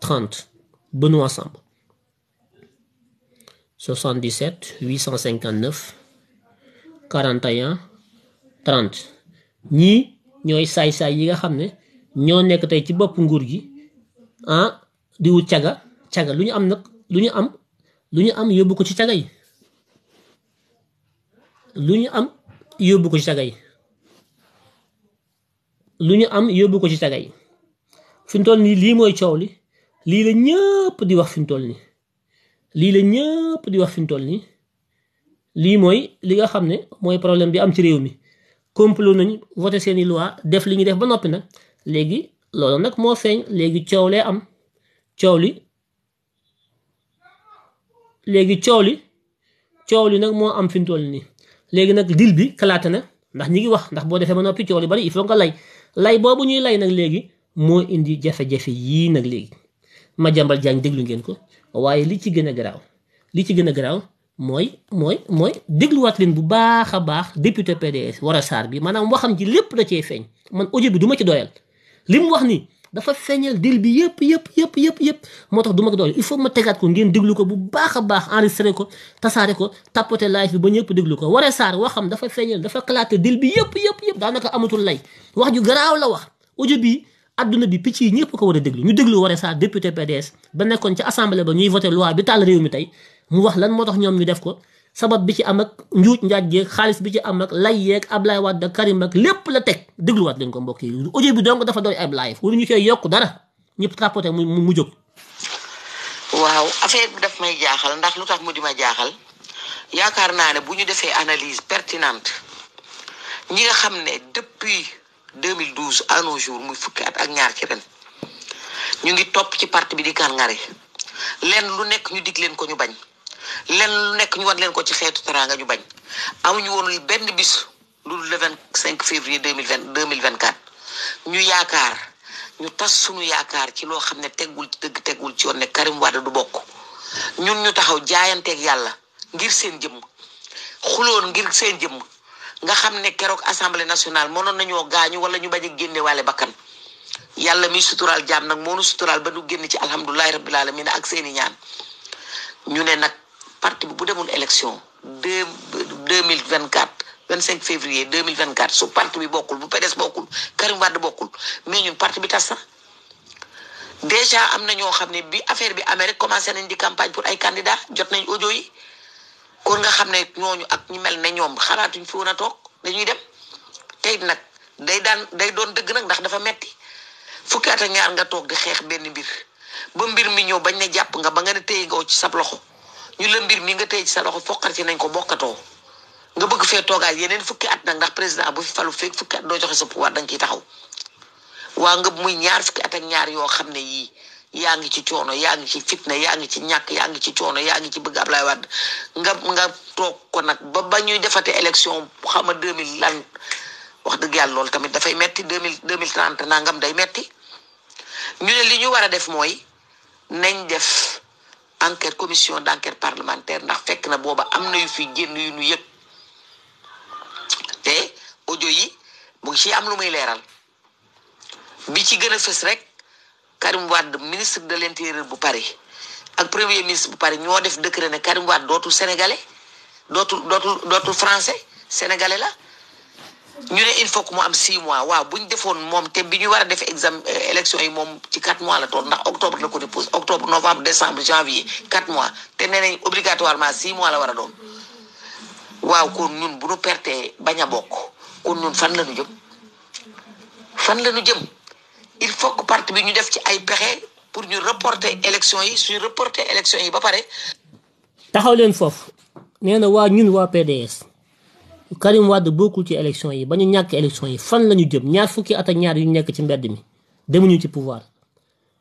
30 Benoît Samb 77 859 41 30 ñii ñooy saay-saay yi nga xam ne ñoo nekk tey ci bopp nguur gi ah di caga caga lu ñu am nag lu ñu am lu ñu am yóbbu ko ci caga yi lu ñu am yóbbu ko ci caga yi lu ñu am yóbbu ko ci caga yi fi toll nii lii mooy coow li lii la ñëpp di wax fi mu toll nii lii la ñëpp di wax fi toll nii lii mooy li nga xam ne mooy problème bi am ci réew mi complot nañu voté seeni loi def li ñuy def ba noppi nag léegi loolu nag moo feeñ léegi coow lee am coow li léegi coow li coow li nag moo am fi mu toll nii léegi nag dil bi kalaate na ndax ñi ngi wax ndax boo defee ba noppi coow li bari il faut nga lay lay boobu ñuy lay nag léegi moo indi jafe-jafe yii nag léegi ma jàmbal jaañ déglu ngeen ko waaye li ci gën a garaaw li ci gën a garaaw mooy mooy mooy dégluwaat leen bu baax a baax député PDS Woré Sarr bi maanaam waxam ji lépp la cee feeñ man ojo bi du ci doyal li mu wax ni dafa feeñal dil bi yëpp yëpp yëpp yëpp yëpp moo tax du ko doyal il ma tegaat ko ngeen déglu ko bu baax a baax enregistré ko tasaare ko tapote live bi ba ñëpp déglu ko war Woré Sarr waxam dafa feeñal dafa kalaate dil bi yëpp yëpp yëpp daanaka amatul lay wax ju garaaw la wax audio bi àdduna bi picc yi ñëpp ko war a déglu ñu déglu Woré Sarr député PDS ba nekkoon ci assemblée ba ñuy voté loi bi taal réew mi tey mu wax lan moo tax ñoom ñu def ko sabab bi ci am ak njuuj njaaj yeeg xaalis bi ci am ak lay yeeg Ablaye Wade ak Karim ak lépp la teg dégluwaat leen ko mbokk yi audio bi donc dafa doy ab live waruñu ko yokk dara ñëpp trapoté mu mu jóg. waaw affaire bi daf may jaaxal ndax lu tax mu di ma jaaxal yaakaar naa ne bu ñu defee analyse pertinente ñi nga xam ne depuis. 2012 à nos jours muy fukki at ak ñaar ci ren ñu ngi topp ci parti bi di kàngaare lenn lu nekk ñu digg leen ko ñu bañ lenn lu nekk ñu wan leen ko ci xeetu teraanga ñu bañ amuñu woon benn bis lu dul le 25 février 2020 2024 ñu yaakaar ñu tas suñu yaakaar ci loo xam ne teggul ci dëgg teggul ci yoon ne Karim Wade du bokk ñun ñu taxaw jaayanteeg yàlla ngir seen jëmm xuloon ngir seen jëmm nga xam ne keroog assemblée nationale mënoon nañoo gaañu wala ñu bañ a génne waale bakkan yàlla mii suturaal jaam nag moonu suturaal ba nu génn ci alhamdulilahi rabbil alamin ak seeni ñaan ñu ne nag parti bi bu demul élection deux deux mille vingt quatre vingt cinq février deux mille vingt quatre su parti bi bokkul bu PDS bokkul Karim Wade bokkul mais ñun parti bi tas na déjà am na ñoo xam ne bi affaire bi amee rek commencé nañ di campagne pour ay candidats jot nañ audio yi kon nga xam ne ñooñu ak ñu mel ne ñoom xalaatuñ fi woon a toog dañuy dem tey nag day daan day doon dëgg nag ndax dafa metti fukki at ak ñaar nga toog xeex benn mbir ba mbir mi ñëw bañ ne jàpp nga ba nga ne téye goo ci sa loxo ñu la mbir mi nga téye ci sa loxo foqar ci nañ ko bokkatoo nga bëgg fee toogaay yeneen fukki at nag ndax président bu fi falu fekk fukki at doo joxe sa pouvoir da nga ciy taxaw waa nga muy ñaar fukki at ak ñaar yoo xam ne yii yaa ngi ci coono yaa ngi ci fitna yaa ngi ci ñàkk yaa ngi ci coono yaa ngi ci bëgg Ablaye Wade nga nga toog ko nag ba ba ñuy defate élection xama deux mille lan wax dëgg yàlla loolu tamit dafay metti deux mille deux mille nangam day metti ñu ne li ñu war a def mooy nañ def enquête commission d' enquête parlementaire ndax fekk na booba am na yu fi génn yu ñu yëg te ojo yi mu ngi ci am lu muy leeral bi ci gën a fës rek Karim Wade ministre de l'intérieur bu Paris ak premier ministre bu Paris ñoo def décret ne Karim Wade dootul sénégalais dootul dootul dootul français sénégalais la ñu ne il faut que mu am 6 mois waaw bu ñu defoon moom te bi ñu war a def exam euh, élection yi moom ci 4 mois la toll ndax octobre la ko dépose octobre novembre décembre janvier 4 mois te nee nañ obligatoirement 6 mois la war a doon waaw kon ñun bu ñu pertee bañ a bokk kon ñun fan la ñu jëm fan il faut que parti bi ñu def ci ay pexe pour ñu reporter élection yi suñu reporter élection yi ba pare. taxaw leen foofu nee na waa ñun waa PDS Karim Wade bokkul ci élection yi ba ñu ñàkk élection yi fan la ñu jëm ñaar fukki at ñaar yu nekk ci mbedd mi demuñu ci pouvoir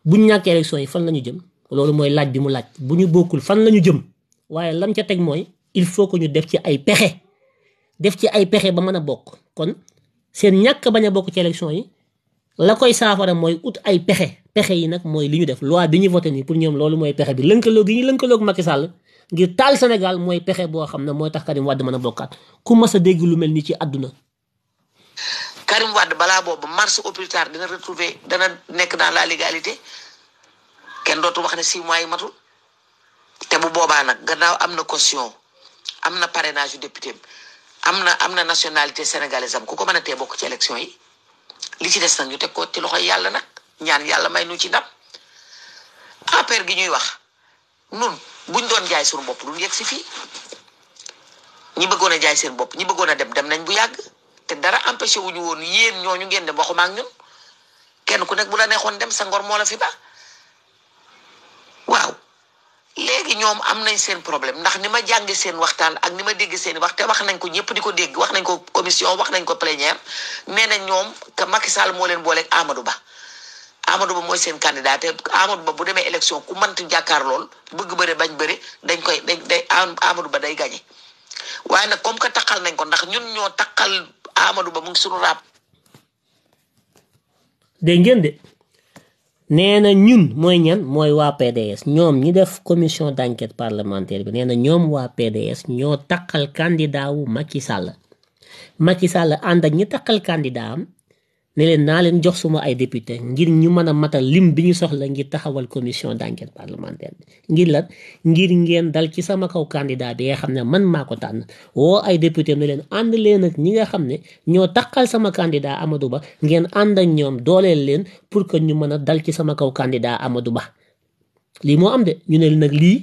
bu ñu ñàkk élection yi fan la ñu jëm loolu mooy laaj bi mu laaj bu ñu bokkul fan la ñu jëm waaye lam ca teg mooy il faut que ñu def ci ay pexe def ci ay pexe ba mën a bokk kon seen ñàkk bañ a bokk ci élection yi. la koy saafara mooy ut ay pexe pexe yi nag mooy li ñu def loi bi ñu voté nii pour ñoom loolu mooy pexe bi lënkaloo gi ñu lënkaloog Macky Sall ngir taal Sénégal mooy pexe boo xam ne mooy tax Karim Wade mën a bokkaat ku mas a dégg mel ni ci àdduna. Karim Wade balaa boobu mars au plus tard dina retrouver dana nekk dans la légalité dootu wax ne six mois yi matul te bu boobaa nag gannaaw am na caution am na parrainage yu député am na am na nationalité sénégalaise am ku ko mën a tee bokk ci élection yi. li ci des nag ñu teg ko ci loxo yàlla nag ñaan yàlla may nu ci ndam affaire gi ñuy wax nun buñ doon jaay suñu bopp duñ si fii ñi bëggoon a jaay seen bopp ñi bëggoon a dem dem nañ bu yàgg te dara empêché wuñu woon yéen ñu ngeen dem waxuma ak ñun kenn ku nekk bu la neexoon dem sa ngor moo la fi ba waaw léegi ñoom am nañ seen problème ndax ni ma jàngi seen waxtaan ak ni ma dégg seen wax te wax nañ ko ñëpp di ko dégg wax nañ ko commission wax nañ ko plénière nee na ñoom que Macky moo leen booleek Amadou Ba Amadou Ba mooy seen candidat te Ba bu demee élection ku mënti jàkkaar lool bëgg bañ bëre dañ koy dañ day Amadou Ba day gagné waaye nag comme que takkal nañ ko ndax ñun ñoo takkal Amadou Ba mu ngi suñu raab. dégg ngeen de. nee na ñun mooy ñan mooy waa PDS ñoom ñi def commission d'enquête parlementaire bi nee na ñoom waa PDS ñoo taqal candidat wu Macky Sall Macky Sall ànd ak ñi taqal candidat am ne leen naa leen jox suma ay député ngir ñu mën a matal lim bi ñu soxla ngir taxawal commission d'enquête parlementaire bi ngir lan ngir ngeen dal ci sama kaw candidat bi nga xam ne man maa ko tànn woo ay député ne leen ànd leen ak ñi nga xam ne ñoo taqal sama candidat Amadou Ba ngeen ànd ak ñoom dooleel leen pour que ñu mën a dal ci sama kaw candidat Amadou Ba lii moo am de ñu ne nag lii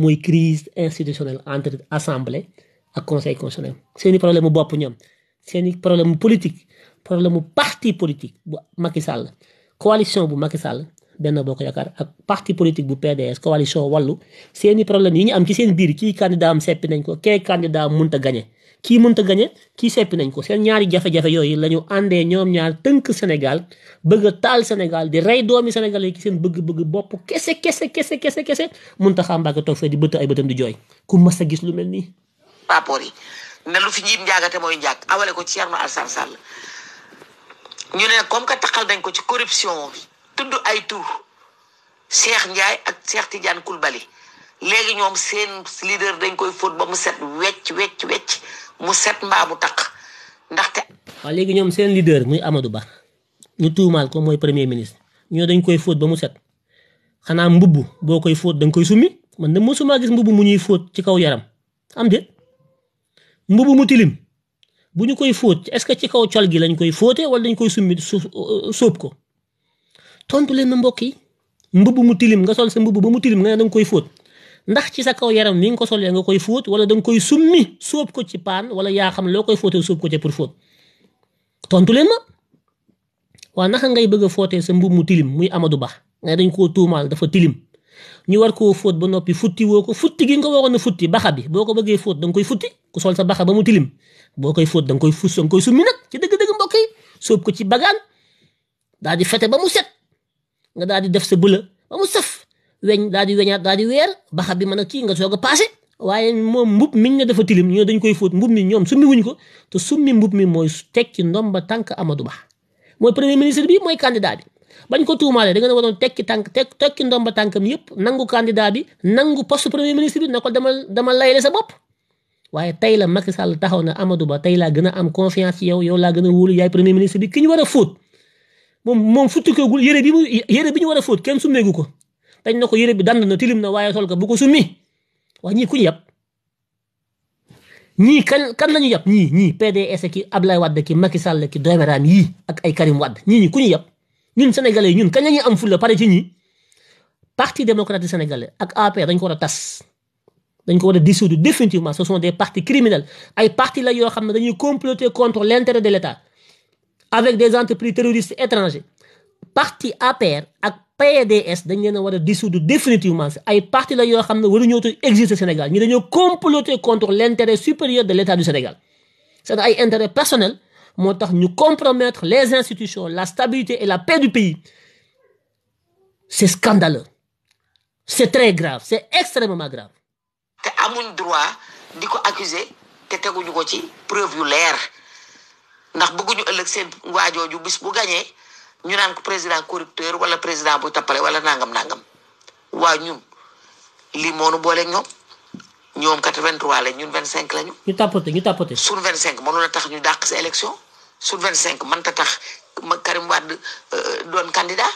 mooy crise institutionnelle entre assemblée ak conseil constitutionnel seeni problème mu bopp ñoom seeni problème politique problème mu parti politique bu Macky sàll coalition bu Macky Sall benn boo ko yaakaar ak parti politique bu PDS coalition wallu seeni problème yi ñu am ci seen biir kii candidat am seppi nañ ko kee candidat am mënut a gañe kii mun a gañe kii seppi nañ ko seen ñaari jafe yooyu la ñu àndee ñoom ñaar tënk Sénégal bëgg taal Sénégal di rey doomi Sénégal yi seen bëgg-bëgg bopp kese kese kese kese kese mënut a xàmbaaka toog fee di bëtt ay bëtam di jooy ku mas a gis lu mel nii. rapport yi ne fi njiit njaagate mooy njaag awale ko Thierno Alassane Sall ñu ne comme que taxal dañ ko ci corruption tudd ay tur Cheikh Ndiaye ak Cheikh Tidiane Koulibaly léegi ñoom seen leader dañ koy fóot ba mu set wecc wecc wecc mu set mbaa mu taq ndaxte. waaw léegi ñoom seen leader muy amadu Ba ñu tuumaal ko mooy premier ministre ñoo dañ koy fóot ba mu set xanaa mbubb boo koy fóot dañ koy summi man de mosuma gis mbubb mu ñuy fóot ci kaw yaram am de mbubb mu tilim. bu ñu koy fóot est-ce que ci kaw col gi lañ koy fóote wala dañ koy summi suuf euh, sóob ko tontu leen ma mbokk yi mbubb mu tilim nga sol sa mbubb ba mu tilim nga ne koy fóot ndax ci sa kaw yaram ni nga ko solee nga koy fóot wala da nga koy summi sóob ko ci paan wala yaa xam loo koy fóotee sóob ko ci pour fóot tontu leen waa naka ngay bëgg a fóotee sa mbubb mu tilim muy Amadou Ba nga dañ koo tuumaal dafa tilim ñu war koo fóot ba noppi futti woo ko futti gi nga ko waroon a futti baxa bi boo ko bëggee fóot da koy futti ku sol sa baxa ba mu tilim boo koy fóot danga koy fus da koy summi nag ci dëgg-dëgg mbokk yi ko ci bagaan daa di fete ba mu set nga daa di def sa bëla ba mu di weñaat daa di weer baxa bi mën a kii nga soog ko paase waaye moom mbub miñ ne dafa tilim ñoo dañ koy fóot mbub mi ñoom summi wuñ ko te summi mbub mi mooy tekki ndomba tànk Amadou Ba mooy premier ministre bi mooy candidat bi bañ ko tuumaale da ngeen waroon tekki tànk tek tekki ndomba tànkam yëpp nangu candidat bi nangu poste premier ministre bi na ko demal demal layle sa bopp. waaye tey la Macky Sall taxaw na Amadou Ba tey laa gën a am confiance ci yow yow laa gën a wóolu yaay premier ministre bi ki ñu war a fóot moom moom futteekagul yëre bi mu yére bi ñu war a fóot kenn summeegu ko dañ na ko yére bi dand na tilim na waaye sol ko bu ko summi waa ñii ku ñu yab ñii kan kan la ñu yab ñii ñii PDS ki Ablaye Wade ki Macky Sall ki doomeraam yii ak ay Karim Wade ñii ñi ku ñu yab ñun sénégalais ñun kañ la ñuy am fulla pare ci ñi parti démocratique sénégalais ak APR dañ ko war a tas dañ ko war a dissoudre définitivement ce sont des partis criminels ay parti la yoo xam ne dañuy comploter contre l'intérêt de l'État avec des entreprises terroristes étrangers parti APR ak PDS dañ leen war a dissoudre définitivement ay parti la yoo xam ne waruñoo tooy exister Sénégal ñi dañoo comploter contre l'intérêt supérieur de l'État du Sénégal c'est ay intérêt personnel moo tax ñu compromettre les institutions la stabilité et la paix du pays c'est scandaleux c'est très grave c'est extrêmement grave te amuñ droit di ko accuser te teguñu ko ci preuve yu leer ndax bëgguñu ëllëg seen waajooju bis bu gañee ñu naan ko président corrupteur wala président bu tappale wala nangam nangam waa ñun lii moonu boole ñoom ñoom quatre-vingt-trois la ñun vingt-cinq lañu ñu tapote ñu tapote suñ vingt-cinq tax ñu dàq sa élection su sur 25 mënta tax ma Karim Wade euh, doon candidat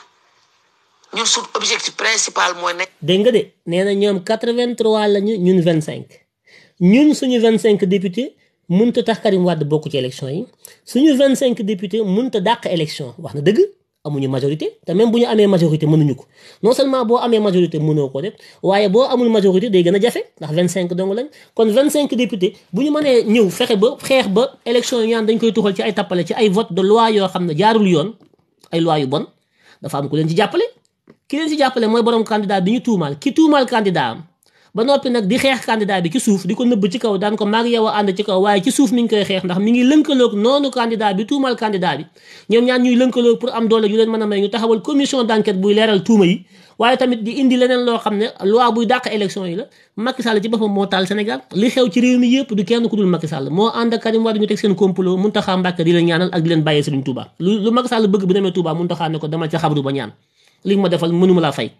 ñun su objectif principal mooy ne. dégg nga de nee na ñoom 83 lañu ñun vingt cinq ñun suñu 25 député mënta tax Karim wàdd bokk ci élection yi suñu 25 député mënta dàq élection wax na dëgg. amuñu majorité te même bu ñu amee majorité mënuñu ko non seulement boo amee majorité mënoo ko def waaye boo amul majorité day gën a jafe ndax 25 dong lañ kon 25 député bu ñu mënee ñëw fexe ba xeex ba élection yi ñaan dañ koy tuxal ci ay tappale ci ay vote de loi yoo xam ne jaarul yoon ay loi yu bon dafa am ku leen ci jàppale ki leen ci jàppale mooy borom candidat bi ñu tuumaal ki tuumaal candidat am ba noppi nag di xeex candidat bi ci suuf di ko nëbb ci kaw daan ko mag yow a ànd ci kaw waaye ci suuf mi ngi koy xeex ndax mi ngi lënkaloog noonu candidat bi tuumal candidat bi ñoom ñaan ñuy lënkaloog pour am doole yu leen mën a may ñu taxawal commission d'enquête buy leeral tuuma yi waaye tamit di indi leneen loo xam ne loi buy dàq élection yi la Macky Sall ci boppam moo taal Sénégal li xew ci réew mi yëpp du kenn ku dul Macky Sall moo ànd ak Karim Wade ak di leen bàyyee Serigne Touba lu lu Macky Sall bëgg bu ko dama ca xabru ba ñaan li ma defal mënuma laa fay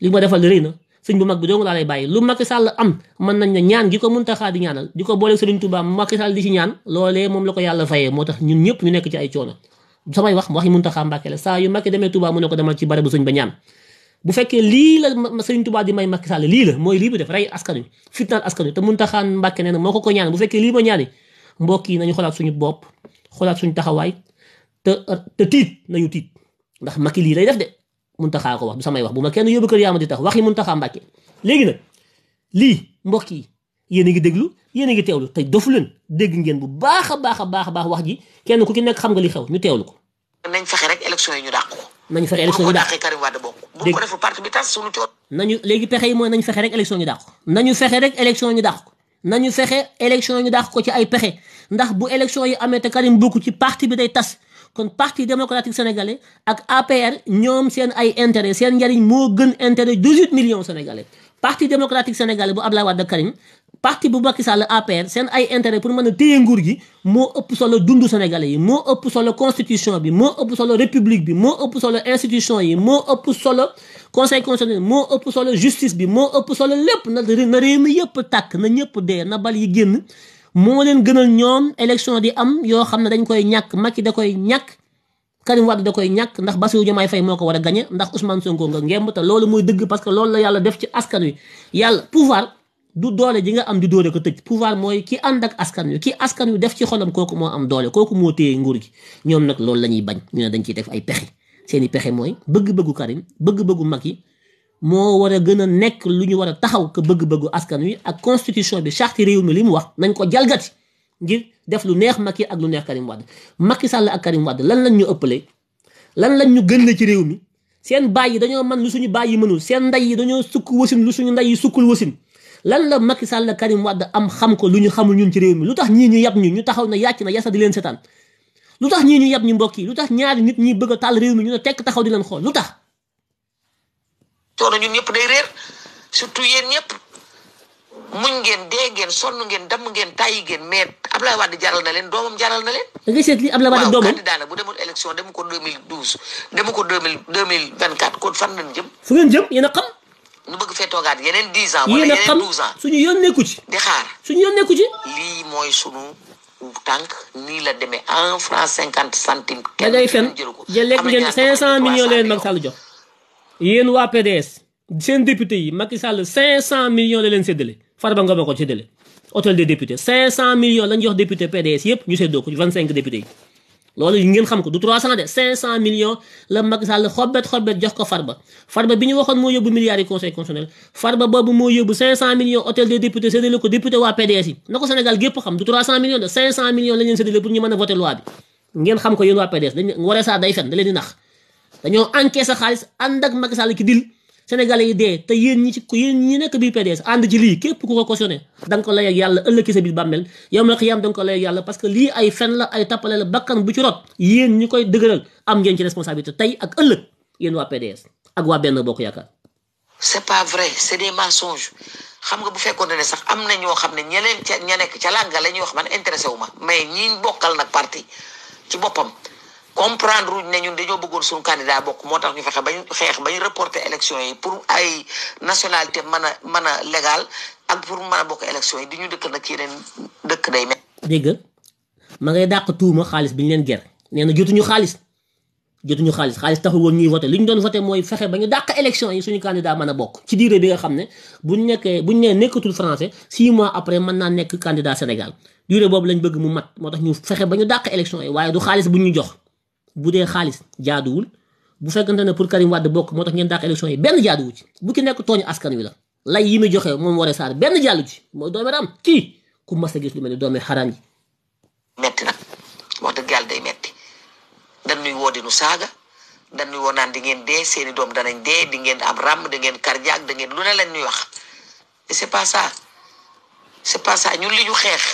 li ma defal na sëñ bu mag bi dong laa lay bàyyi lu Macky Sall am mën nañ ne ñaan gi ko Muntaxa di ñaanal di ko booleeg Sëriñ Tuubaa Macky Sall di ci ñaan loolee moom la ko yàlla fayee moo tax ñun ñëpp ñu nekk ci ay coono samay wax waxi Muntaxa Mbàkke la saa yu Macky ko ba ñaan bu fekkee lii la Sëriñ Tuubaa di may Macky Sall lii la na moo ko ko ñaan bu fekkee lii ma ñaani mbokk yi nañu xolaat suñu bopp xolaat suñu taxawaay te tiit nañu tiit ndax Macky lii lay def de muntaxaa ko wax du samay wax bu ma kenn yóbbu kër yaama di tax waxi muntaxaa mbàkke léegi nag lii mbokk yi yéen a ngi déglu yéen a ngi teewlu te dofu leen dégg ngeen bu baax a baax a baax a baax wax ji kenn ku ki nekk xam nga li xew ñu teewlu ko nañ fexe rek élection yi ñu dàq ko nañ fexe élection ñu dàq Karim Wade bokk bu ko deful parti bi tas suñu coono nañu léegi pexe yi mooy nañ fexe rek élection ñu dàq ko nañu ñu dàq ko nañu fexe ko ci ay pexe ndax bu élection yi amee te Karim bokk ci parti bi day tas kon parti démocratique sénégalais ak APR ñoom seen ay intérêt seen njariñ moo gën intérêt 18 million sénégalais parti démocratique sénégalais bu Abdoulaye Wade Karim parti bu Macky Sall APR seen ay intérêt pour mën a téye nguur gi moo ëpp solo dundu sénégalais yi moo ëpp solo constitution bi moo ëpp solo république bi moo ëpp solo institution yi moo ëpp solo conseil constitutionnel moo ëpp solo justice bi moo ëpp solo lépp na na réew mi yëpp tàkk na ñëpp dee na bal yi génn moo leen gënal ñoom élection di am yoo xam ne dañ koy ñàkk yi da koy ñàkk Karim Wade da koy ñàkk ndax Bassirou Diomaye fay moo ko war a gañe ndax Ousmane Sonko nga ngemb te loolu mooy dëgg parce que loolu la yàlla def ci askan wi yàlla pouvoir du doole ji nga am di doole ko tëj pouvoir mooy ki ànd ak askan wi ki askan wi def ci xolam kooku moo am doole kooku moo téye nguur gi ñoom nag loolu la ñuy bañ ñu ne dañ ciy def ay pexe seeni pexe mooy bëgg-bëggu Karim bëgg-bëggu Macky moo war a gën a nekk lu ñu war a taxaw ka bëgg-bëggu askan wi ak constitution bi charte réew mi li mu wax nañ ko jalgati ngir def lu neex Macky ak lu neex Karim Wade Macky Sall ak Karim lan lañ ñu ëppalee lan lañ ñu gën la ci réew mi seen baay yi dañoo man suñu baay yi mënul seen nday yi dañoo sukk wasin suñu nday yi sukkul wasin lan la Macky Sall ak Karim Wade am xam ko lu ñu xamul ñun ci réew mi lu tax ñii ñu yab ñu ñu taxaw na yàcc na yasa di leen setaan lu tax ñii ñu yab ñu mbokk yi lu tax ñaari nit ñi bëgg tàll taal réew mi ñu ne tekk taxaw di leen xool lu tax na ñun ñëpp day réer surtout yéen ñëpp muñ ngeen dee ngeen sonn ngeen damm ngeen tàyyi ngeen mais Ablaye Wade jaral na leen doomam jaral na leen. da ngay seet la bu demul élection demu ko 2012 demu ko 2024 kon fan lañ jëm. fu ngeen jëm yéen a xam. nu bëgg fee yeneen 10 ans. wala yeneen 12 ans suñu yoon nekku ci. di xaar suñu yoon nekku ci. lii mooy sunu tànk nii la demee un franc cinquante centime. kenn jël ko am na ñaar 500 millions leen Macky Sall jox. yéen waa PDS seen député yi Macky Sall 500 millions la leen séddale Farba Ngom ko séddale hôtel des députés 500 millions lañ jox député PDS yëpp ñu séddoo ko 25 députés yi. loolu ngeen xam ko du 300 de 500 la Macky Sall xobbet jox ko Farba Farba bi ñu waxoon moo yóbbu milliards yi conseil constitutionnel Farba boobu moo yóbbu 500 millions hôtel des députés séddale ko député waa PDS yi na ko Sénégal gépp xam du 300 millions dañoo encaissé xaalis ànd ak Macky Sall ki dil sénégalais yi dee te yéen ñi ci yéen ñi nekk biir PDS ànd ci lii képp ku ko cautionné da ko lay ak yàlla ëllëg ci sa biir bàmmeel yow ma xiyam da ko lay ak yàlla parce que lii ay fen la ay tappale la bakkan bu ci rot yéen ñi koy dëgëral am ngeen ci responsabilité tey ak ëllëg yéen waa PDS ak waa benn bokk yaakaar c'est pas vrai c'est des mensonges xam nga bu fekkoon ne sax am na ñoo xam ne ñeneen ca ña nekk ca lànga la ñuy wax man intéressé wu ma mais ñi bokkal nag parti ci boppam comprendre wuñ ne ñun dañoo bëggoon suñu candidat bokk moo tax ñu fexe bañ xeex bañ reporter élection yi pour ay nationalité a mën a ak pour mën a bokk élection yi di ñu dëkk nag yeneen dëkk day mel. dégg nga ma ngay dàq tuuma leen ger nee na jotuñu xaalis jotuñu xaalis xaalis li ñu doon voté mooy fexe ba ñu dàq élection yi suñu candidat mën a bokk. ci diire bi nga xam ne buñ nekkee buñ nee nekkatul français six mois après mën naa nekk candidat Sénégal diire boobu lañ bëgg mu mat moo tax ñu fexe ba ñu dàq élection yi waaye du xaalis bu ñu jox bu dee xaalis jaaduwul bu fekkante ne pour Karim Wade bokk moo tax ngeen dàq élection yi benn jaaduwu ci bu ki nekk tooñ askan wi la lay yi muy joxe moom waree saar benn jàllu ci mooy doomee raam kii ku a gis lu mel ni doomee xaraan yi na wax dëgg yàlla day metti dañuy woo di saaga dañuy woo naan di ngeen dee seeni doom danañ dee di ngeen am ràmm da ngeen cardiaque da ngeen lu ne lañ ñuy wax c'est pas ça c'est pas ça ñun li ñu xeex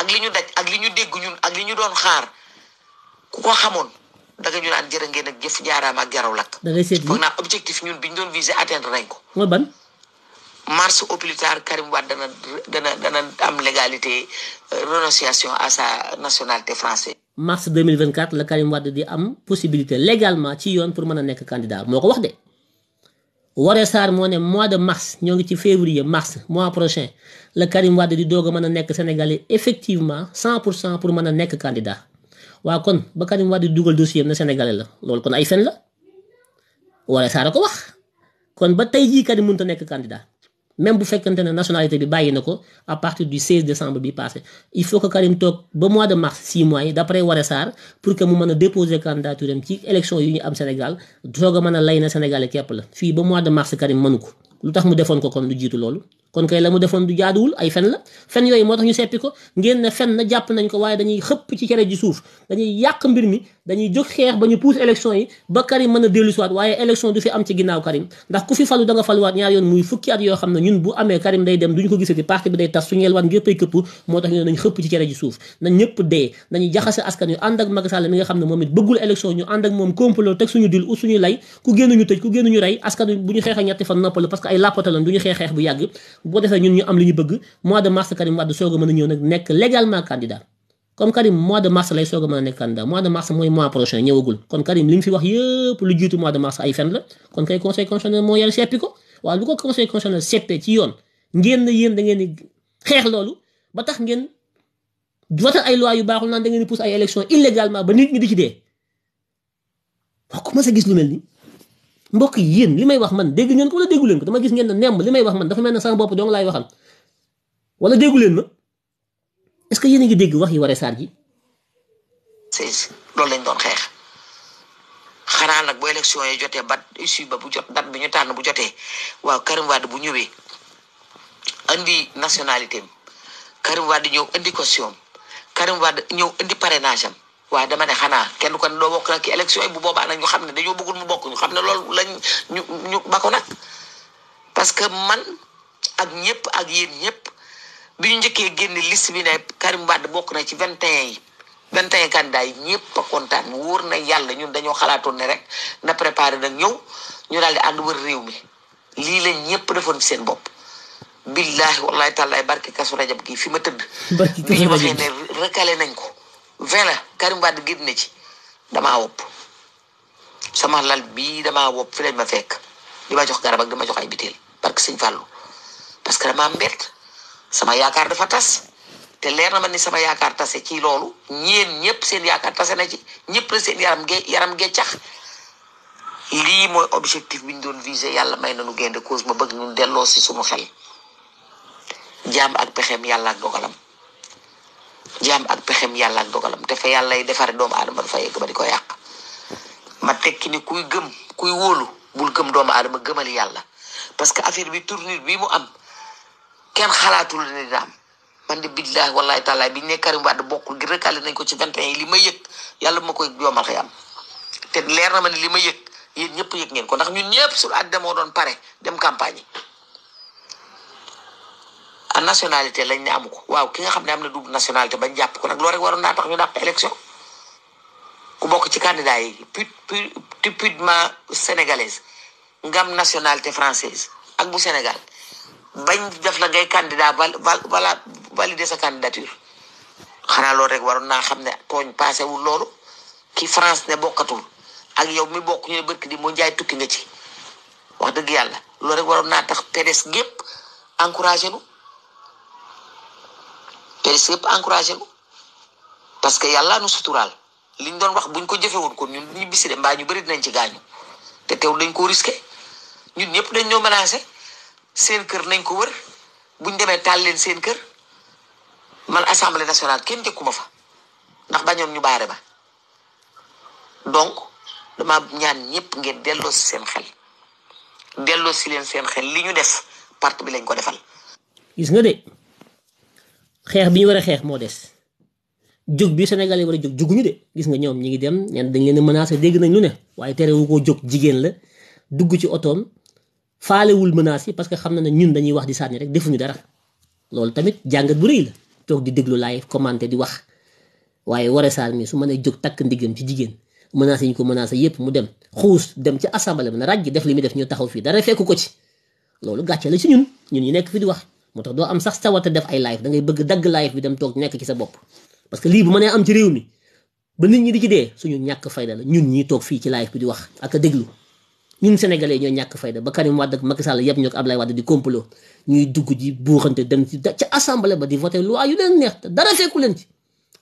ak li ñu daj ak li ñu dégg ñun ak li ñu doon xaar ku ko xamoon da nga ñu naan jërë ngeen ak jëf jaaraama ak jaraw lakk. da ngay seetlu foog naa objectif ñun bi ñu doon visé atteindre nañ ko. mooy ban. mars au plus tard Karim Wade dana dana dana am légalité euh, renonciation à sa nationalité française. mars la Karim Wade di am possibilité légalement ci yoon pour mën a nekk candidat moo ko wax de. Woré Sarr moo ne mois de mars ñoo ngi ci février mars mois prochain la Karim Wade di doog mën a nekk Sénégalais effectivement cent pour cent pour mën a nekk candidat. waaw kon ba Karim Wade di dugal dossier am na sénégalais la loolu kon ay fen la wala saara ko wax kon ba tey jii Karim mënut a nekk candidat même bu fekkante ne nationalité bi bàyyi na ko à partir du 16 décembre bi passé il faut que Karim toog ba mois de mars 6 mois yi d' après pour que mu mën a déposer candidature am ci élection yu ñu am Sénégal soog a mën a lay na Sénégalais képp la fii ba mois de mars Karim mënu ko. lu tax mu defoon ko kon lu jiitu loolu kon kay la mu defoon du jaaduwul ay fen la fen yooyu moo tax ñu seppi ko ngeen ne fen na jàpp nañ ko waaye dañuy xëpp ci cere ji suuf nañ xëpp dee nañu jaxase askan yu ànd ak Macky mi nga xam ne moom it bëggul élection ñu ànd ak moom complot teg suñu dil u suñu lay ku génn ñu tëj ku génn ñu rey askan bu ñu xeexee ñetti fan noppalu parce que ay lappata lan du ñu xeex xeex bu yàgg boo defee ñun ñu am li ñu bëgg mois de mars Karim Wade soog a mën a ñëw nag nekk légalement candidat comme Karim mois de mars lay soog a mën a nekk candidat mois de mars mooy mois prochain ñëwagul kon Karim li ñu fi wax yëpp lu jiitu mois de mars ay fen la kon kay conseil constitutionnel moo yar seppi ko waaye bu ko conseil constitutionnel seppee ci yoon ngeen na yéen da ngeen di xeex loolu ba tax ngeen voté ay loi yu baax naan da ngeen di pousse ay ba nit di ci dee wax ko ma gis lu mel ni mbokk yi yéen li may wax man dégg ngeen ko wala déggu ko dama gis ngeen ne nemb li may wax man dafa mel ne sama bopp dong laay waxal wala déggu leen est-ce que yéen a ngi dégg wax yi Woré Sarr ji. loolu lañ doon xeex xanaa nag bu yi jotee ba issue ba bu jot dat bi ñu tànn bu jotee waaw Karim bu ñëwee andi nationalité am Karim ñëw indi caution am ñëw indi parrainage am waaye dama ne xanaa kenn ko ne doo bokk nag ci élection yi bu boobaa nag ñu xam ne dañoo bëggul mu bokk ñu xam ne loolu lañ ñu ñu bako nag que man ak ñëpp ak yéen ñëpp bi ñu njëkkee génn list bi ne Karim Wade bokk na ci vingt et yi vingt et un candidat yi ñëpp a kontaan wóor na yàlla ñun dañoo xalaatoon ne rek na préparé nag ñëw ñu daal di ànd wër réew mi lii la ñëpp defoon seen bopp billaahi wallahi taalaay barke kasu rajab gi fi ma tëdd bi ñu waxee ne recalé nañ ko vingt la Karim Wade génn na ci damaa wopp sama lal bii damaa wopp fi lañ ma fekk di ma jox garab ak di ma jox ay biteel parce que sëñ Fallou parce que damaa mbett sama yaakaar dafa tas te leer na ma ni sama yaakaar tase ci loolu ñeen ñëpp seen yaakaar tase na ci ñëpp la seen yaram ge yaram ge lii mooy objectif bi ñu doon visé yàlla may na nu gain de cause ma bëgg nu delloo si suñu xel jaam ak pexeem yàlla ak dogalam. jaam ak pexem yàlla ak dogalam te fa yàllay defare doomu adama dafa yegg ba di ko yàq ma tekki ni kuy gëm kuy wóolu bul gëm doomu adama gëmal yàlla parce que affaire bi tournure bi mu am kenn xalaatul ne dina am man de billahi wallahi taala bi ne Karim Wade bokkul gi recalé nañ ko ci vingt et un yi li ma yëg yàlla ma koy yomal xëy am te leer na ma ne li ma yëg yéen ñëpp yëg ngeen ko ndax ñun ñëpp suñu at demoo doon pare dem campagne a nationalité lañ ne amu ko waaw ki nga xam ne am na double nationalité ba jàpp ko nag loolu rek waroon naa tax ñu dàq élection ku bokk ci candidat yi typiquement sénégalaise ngam nationalité ak bu Sénégal bañ def la ngay candidat val valider sa candidature xanaa loolu rek waroon naa xam ne tooñ passé wul loolu ki France ne bokkatul ak yow mi bokk ñu di moo jaay tukki nga ci wax dëgg yàlla loolu waroon naa tax PDS gépp encouragé nu PDS yëpp encouragé ko parce que yàlla nu suturaal liñ doon wax bu ñu ko jëfe koon ñu ñibbisi de mbaa ñu bari dinañ ci gaañu te teew dañ koo risqué ñun ñëpp dañ ñoo menacé seen kër nañ ko wër bu buñ demee taal leen seen kër man assemblée nationale kenn jëkkuma fa ndax bañoon ñu baare ba donc dama ñaan ñëpp ngeen delloo si seen xel delloo si leen seen xel li ñu def parti bi lañ ko defal gis nga de xeex bi ñu war a xeex moo des jóg bi Sénégal war a jóg juguñu de gis nga ñoom ñu ngi dem neen dañ leen a menacé dégg nañ lu ne waaye terewu koo jóg jigéen la dugg ci otoom faalewul menaces yi parce que xam na ne ñun dañuy wax di sànni rek defuñu dara loolu tamit jàngat bu rëy la toog di déglu live commenté di wax waaye Woré Sarr mi su mënee jóg takk ndiggam ci jigéen menaces yi ñu ko menacé yépp mu dem xuus dem ci assemblée bi na ràjj def li muy def ñu taxaw fii dara fekku ko ci loolu gàcce la ci ñun ñun ñu nekk fi di wax moo tax doo am sax sawata def ay live dangay bëgg dagg live bi dem toog nekk ci sa bopp parce que lii bu mënee am ci réew mi ba nit ñi di ci dee suñu ñàkk fayda la ñun ñii toog fii ci live bi di wax ak déglu ñun sénégalais ñoo ñàkk fayda ba Karim Wade ak Macky Sall yëpp ñoo ko Ablaye Wade di complot ñuy dugg ji buuxante dem ci ca ba di voté loi yu leen neex te dara fekku leen ci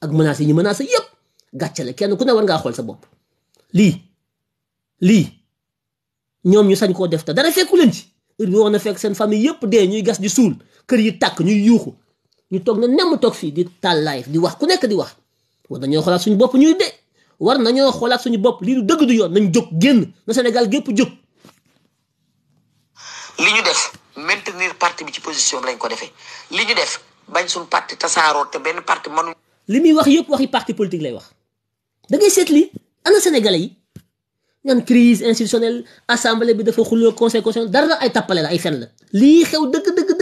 ak menaces yi ñu menacé yëpp gàccale kenn ku ne war ngaa sa bopp lii lii ñoom ñu sañ koo def te dara fekku leen ci heure bi war na fekk seen famille yëpp dee ñuy gas di suul kër yi tàkk ñuy yuuxu ñu toog na nemm toog fii di taal live di wax ku nekk di wax war nañoo xoolaat suñu bopp ñuy de war nañoo xoolaat suñu bopp lii dëgg du yoon nañ jóg génn na Sénégal gépp jóg. li ñu def maintenir parti bi ci position lañ ko defee li ñu def bañ suñu parti tasaaroo te benn parti mënu. li muy wax yëpp waxi parti politique lay wax da ngay seet li ana sénégalais yi ñaan crise institutionnelle assemblée bi dafa xuloo conseil constitutionnel dara ay tappale la ay fen la lii xew dëgg dëgg.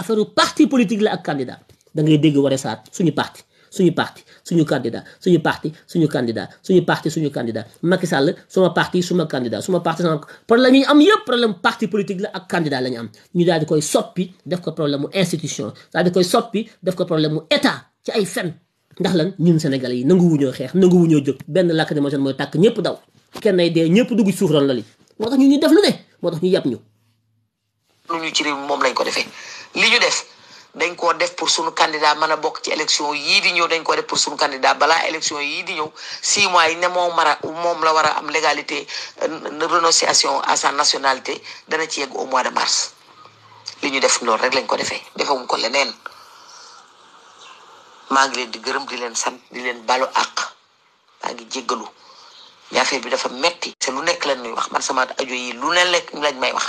affaire parti politique la ak candidat da ngay dégg Woré Sarr suñu parti suñu parti suñu candidat suñu parti suñu candidat suñu parti suñu candidat Macky Sall suma parti suma candidat suma parti sama problème yi ñu am yëpp problème parti politique la ak candidat la ñu am ñu daal di koy soppi def ko problème mu institution daal di koy soppi def ko problème mu état ci ay fen ndax lan ñun Sénégalais yi nanguwuñoo xeex nanguwuñoo jóg benn lacrymogène mooy tàkk ñëpp daw kenn ay dee ñëpp dugg suuf ron la li moo tax ñu ñuy def lu ne moo tax ñu yàpp ñu. lu ñu ci réew moom lañ ko defee. li ñu def dañ koo def pour suñu candidat mën a bokk ci élection yii di ñëw dañ koo def pour suñu candidat balaa élection yii di ñëw six mois yi ne moom mara moom la war a am légalité euh, renonciation à sa nationalité dana ci yegg au mois de mars li ñu def loolu rek lañ ko defee defewuñ ko leneen maa ngi leen di gërëm di leen sant di leen balu àq maa ngi jéggalu mais bi dafa metti te lu nekk lañ ñuy wax man sama ajo yi lu ne lekk lañ may wax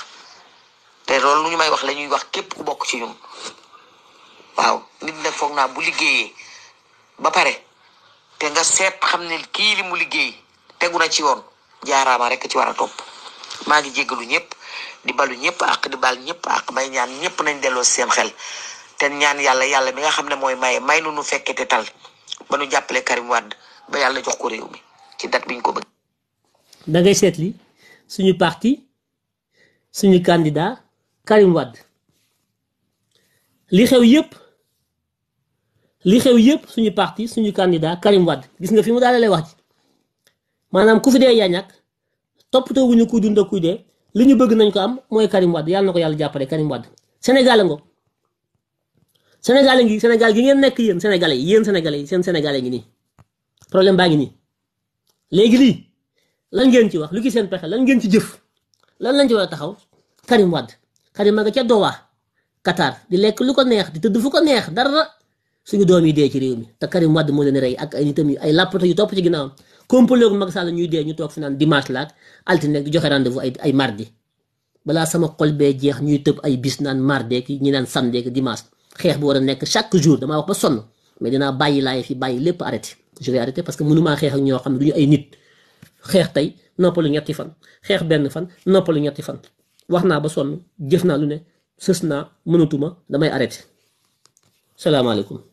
te loolu lu ñu may wax la ñuy wax képp ku bokk ci ñun waaw nit nag foog naa bu liggéeyee ba pare te nga seet xam ne kii li mu liggéey tegu na ci yoon jaaraama rek ci war a topp maa ngi jéggalu ñëpp di balu ñëpp ak di bal ñëpp ak may ñaan ñëpp nañ delloo seen xel te ñaan yàlla yàlla mi nga xam ne mooy may may nu nu fekkee te tal ba nu jàppale Karim wàdd ba yàlla jox ko réew mi ci date biñ ko bëgg. da ngay seetli suñu parti suñu candidat. Karim Wade li xew yëpp li xew yëpp suñu parti suñu candidat Karim Wade gis nga fi mu daal lay wax ci maanaam ku fi dee yaa ñàkk toppatoo wuñu kuy dund kuy dee li ñu bëgg nañ ko am mooy Karim Wade yàlla na ko yàlla jàppale Karim Wade Sénégal ngo Sénégal ngi Sénégal gi ngeen nekk yéen sénégalais yéen sénégalais yi seen sénégalais ngi nii problème baa ngi nii léegi lii lan ngeen ci wax lu ki seen pexe lañ ngeen ci jëf lan lañ ci war a taxaw Karim Wade xarit ma nga ca Doha Qatar di lekk lu ko neex di tëdd fu ko neex dara suñu doom yi dee ci réew mi te Karim Wade moo leen rey ak ay nitam ay làppato yu topp ci ginnaawam complot gu Macky Sall ñuy dee ñu toog fi naan dimanche laak altine di joxe rendez-vous ay balaa sama xol bee jeex ñuy tëb ay bis naan mardi ki ñi naan samedi ki dimanche xeex bi nekk chaque jour damaa wax sonn mais dinaa bàyyi laay fi bàyyi lépp arrêté je vais arrêter parce que mënumaa xeex ñoo xam ne du ñu ay nit xeex tey noppalu ñetti fan xeex benn fan noppalu ñetti fan wax naa ba sonn jëf naa lu ne sës naa mënatuma damay arrêté salaamaaleykum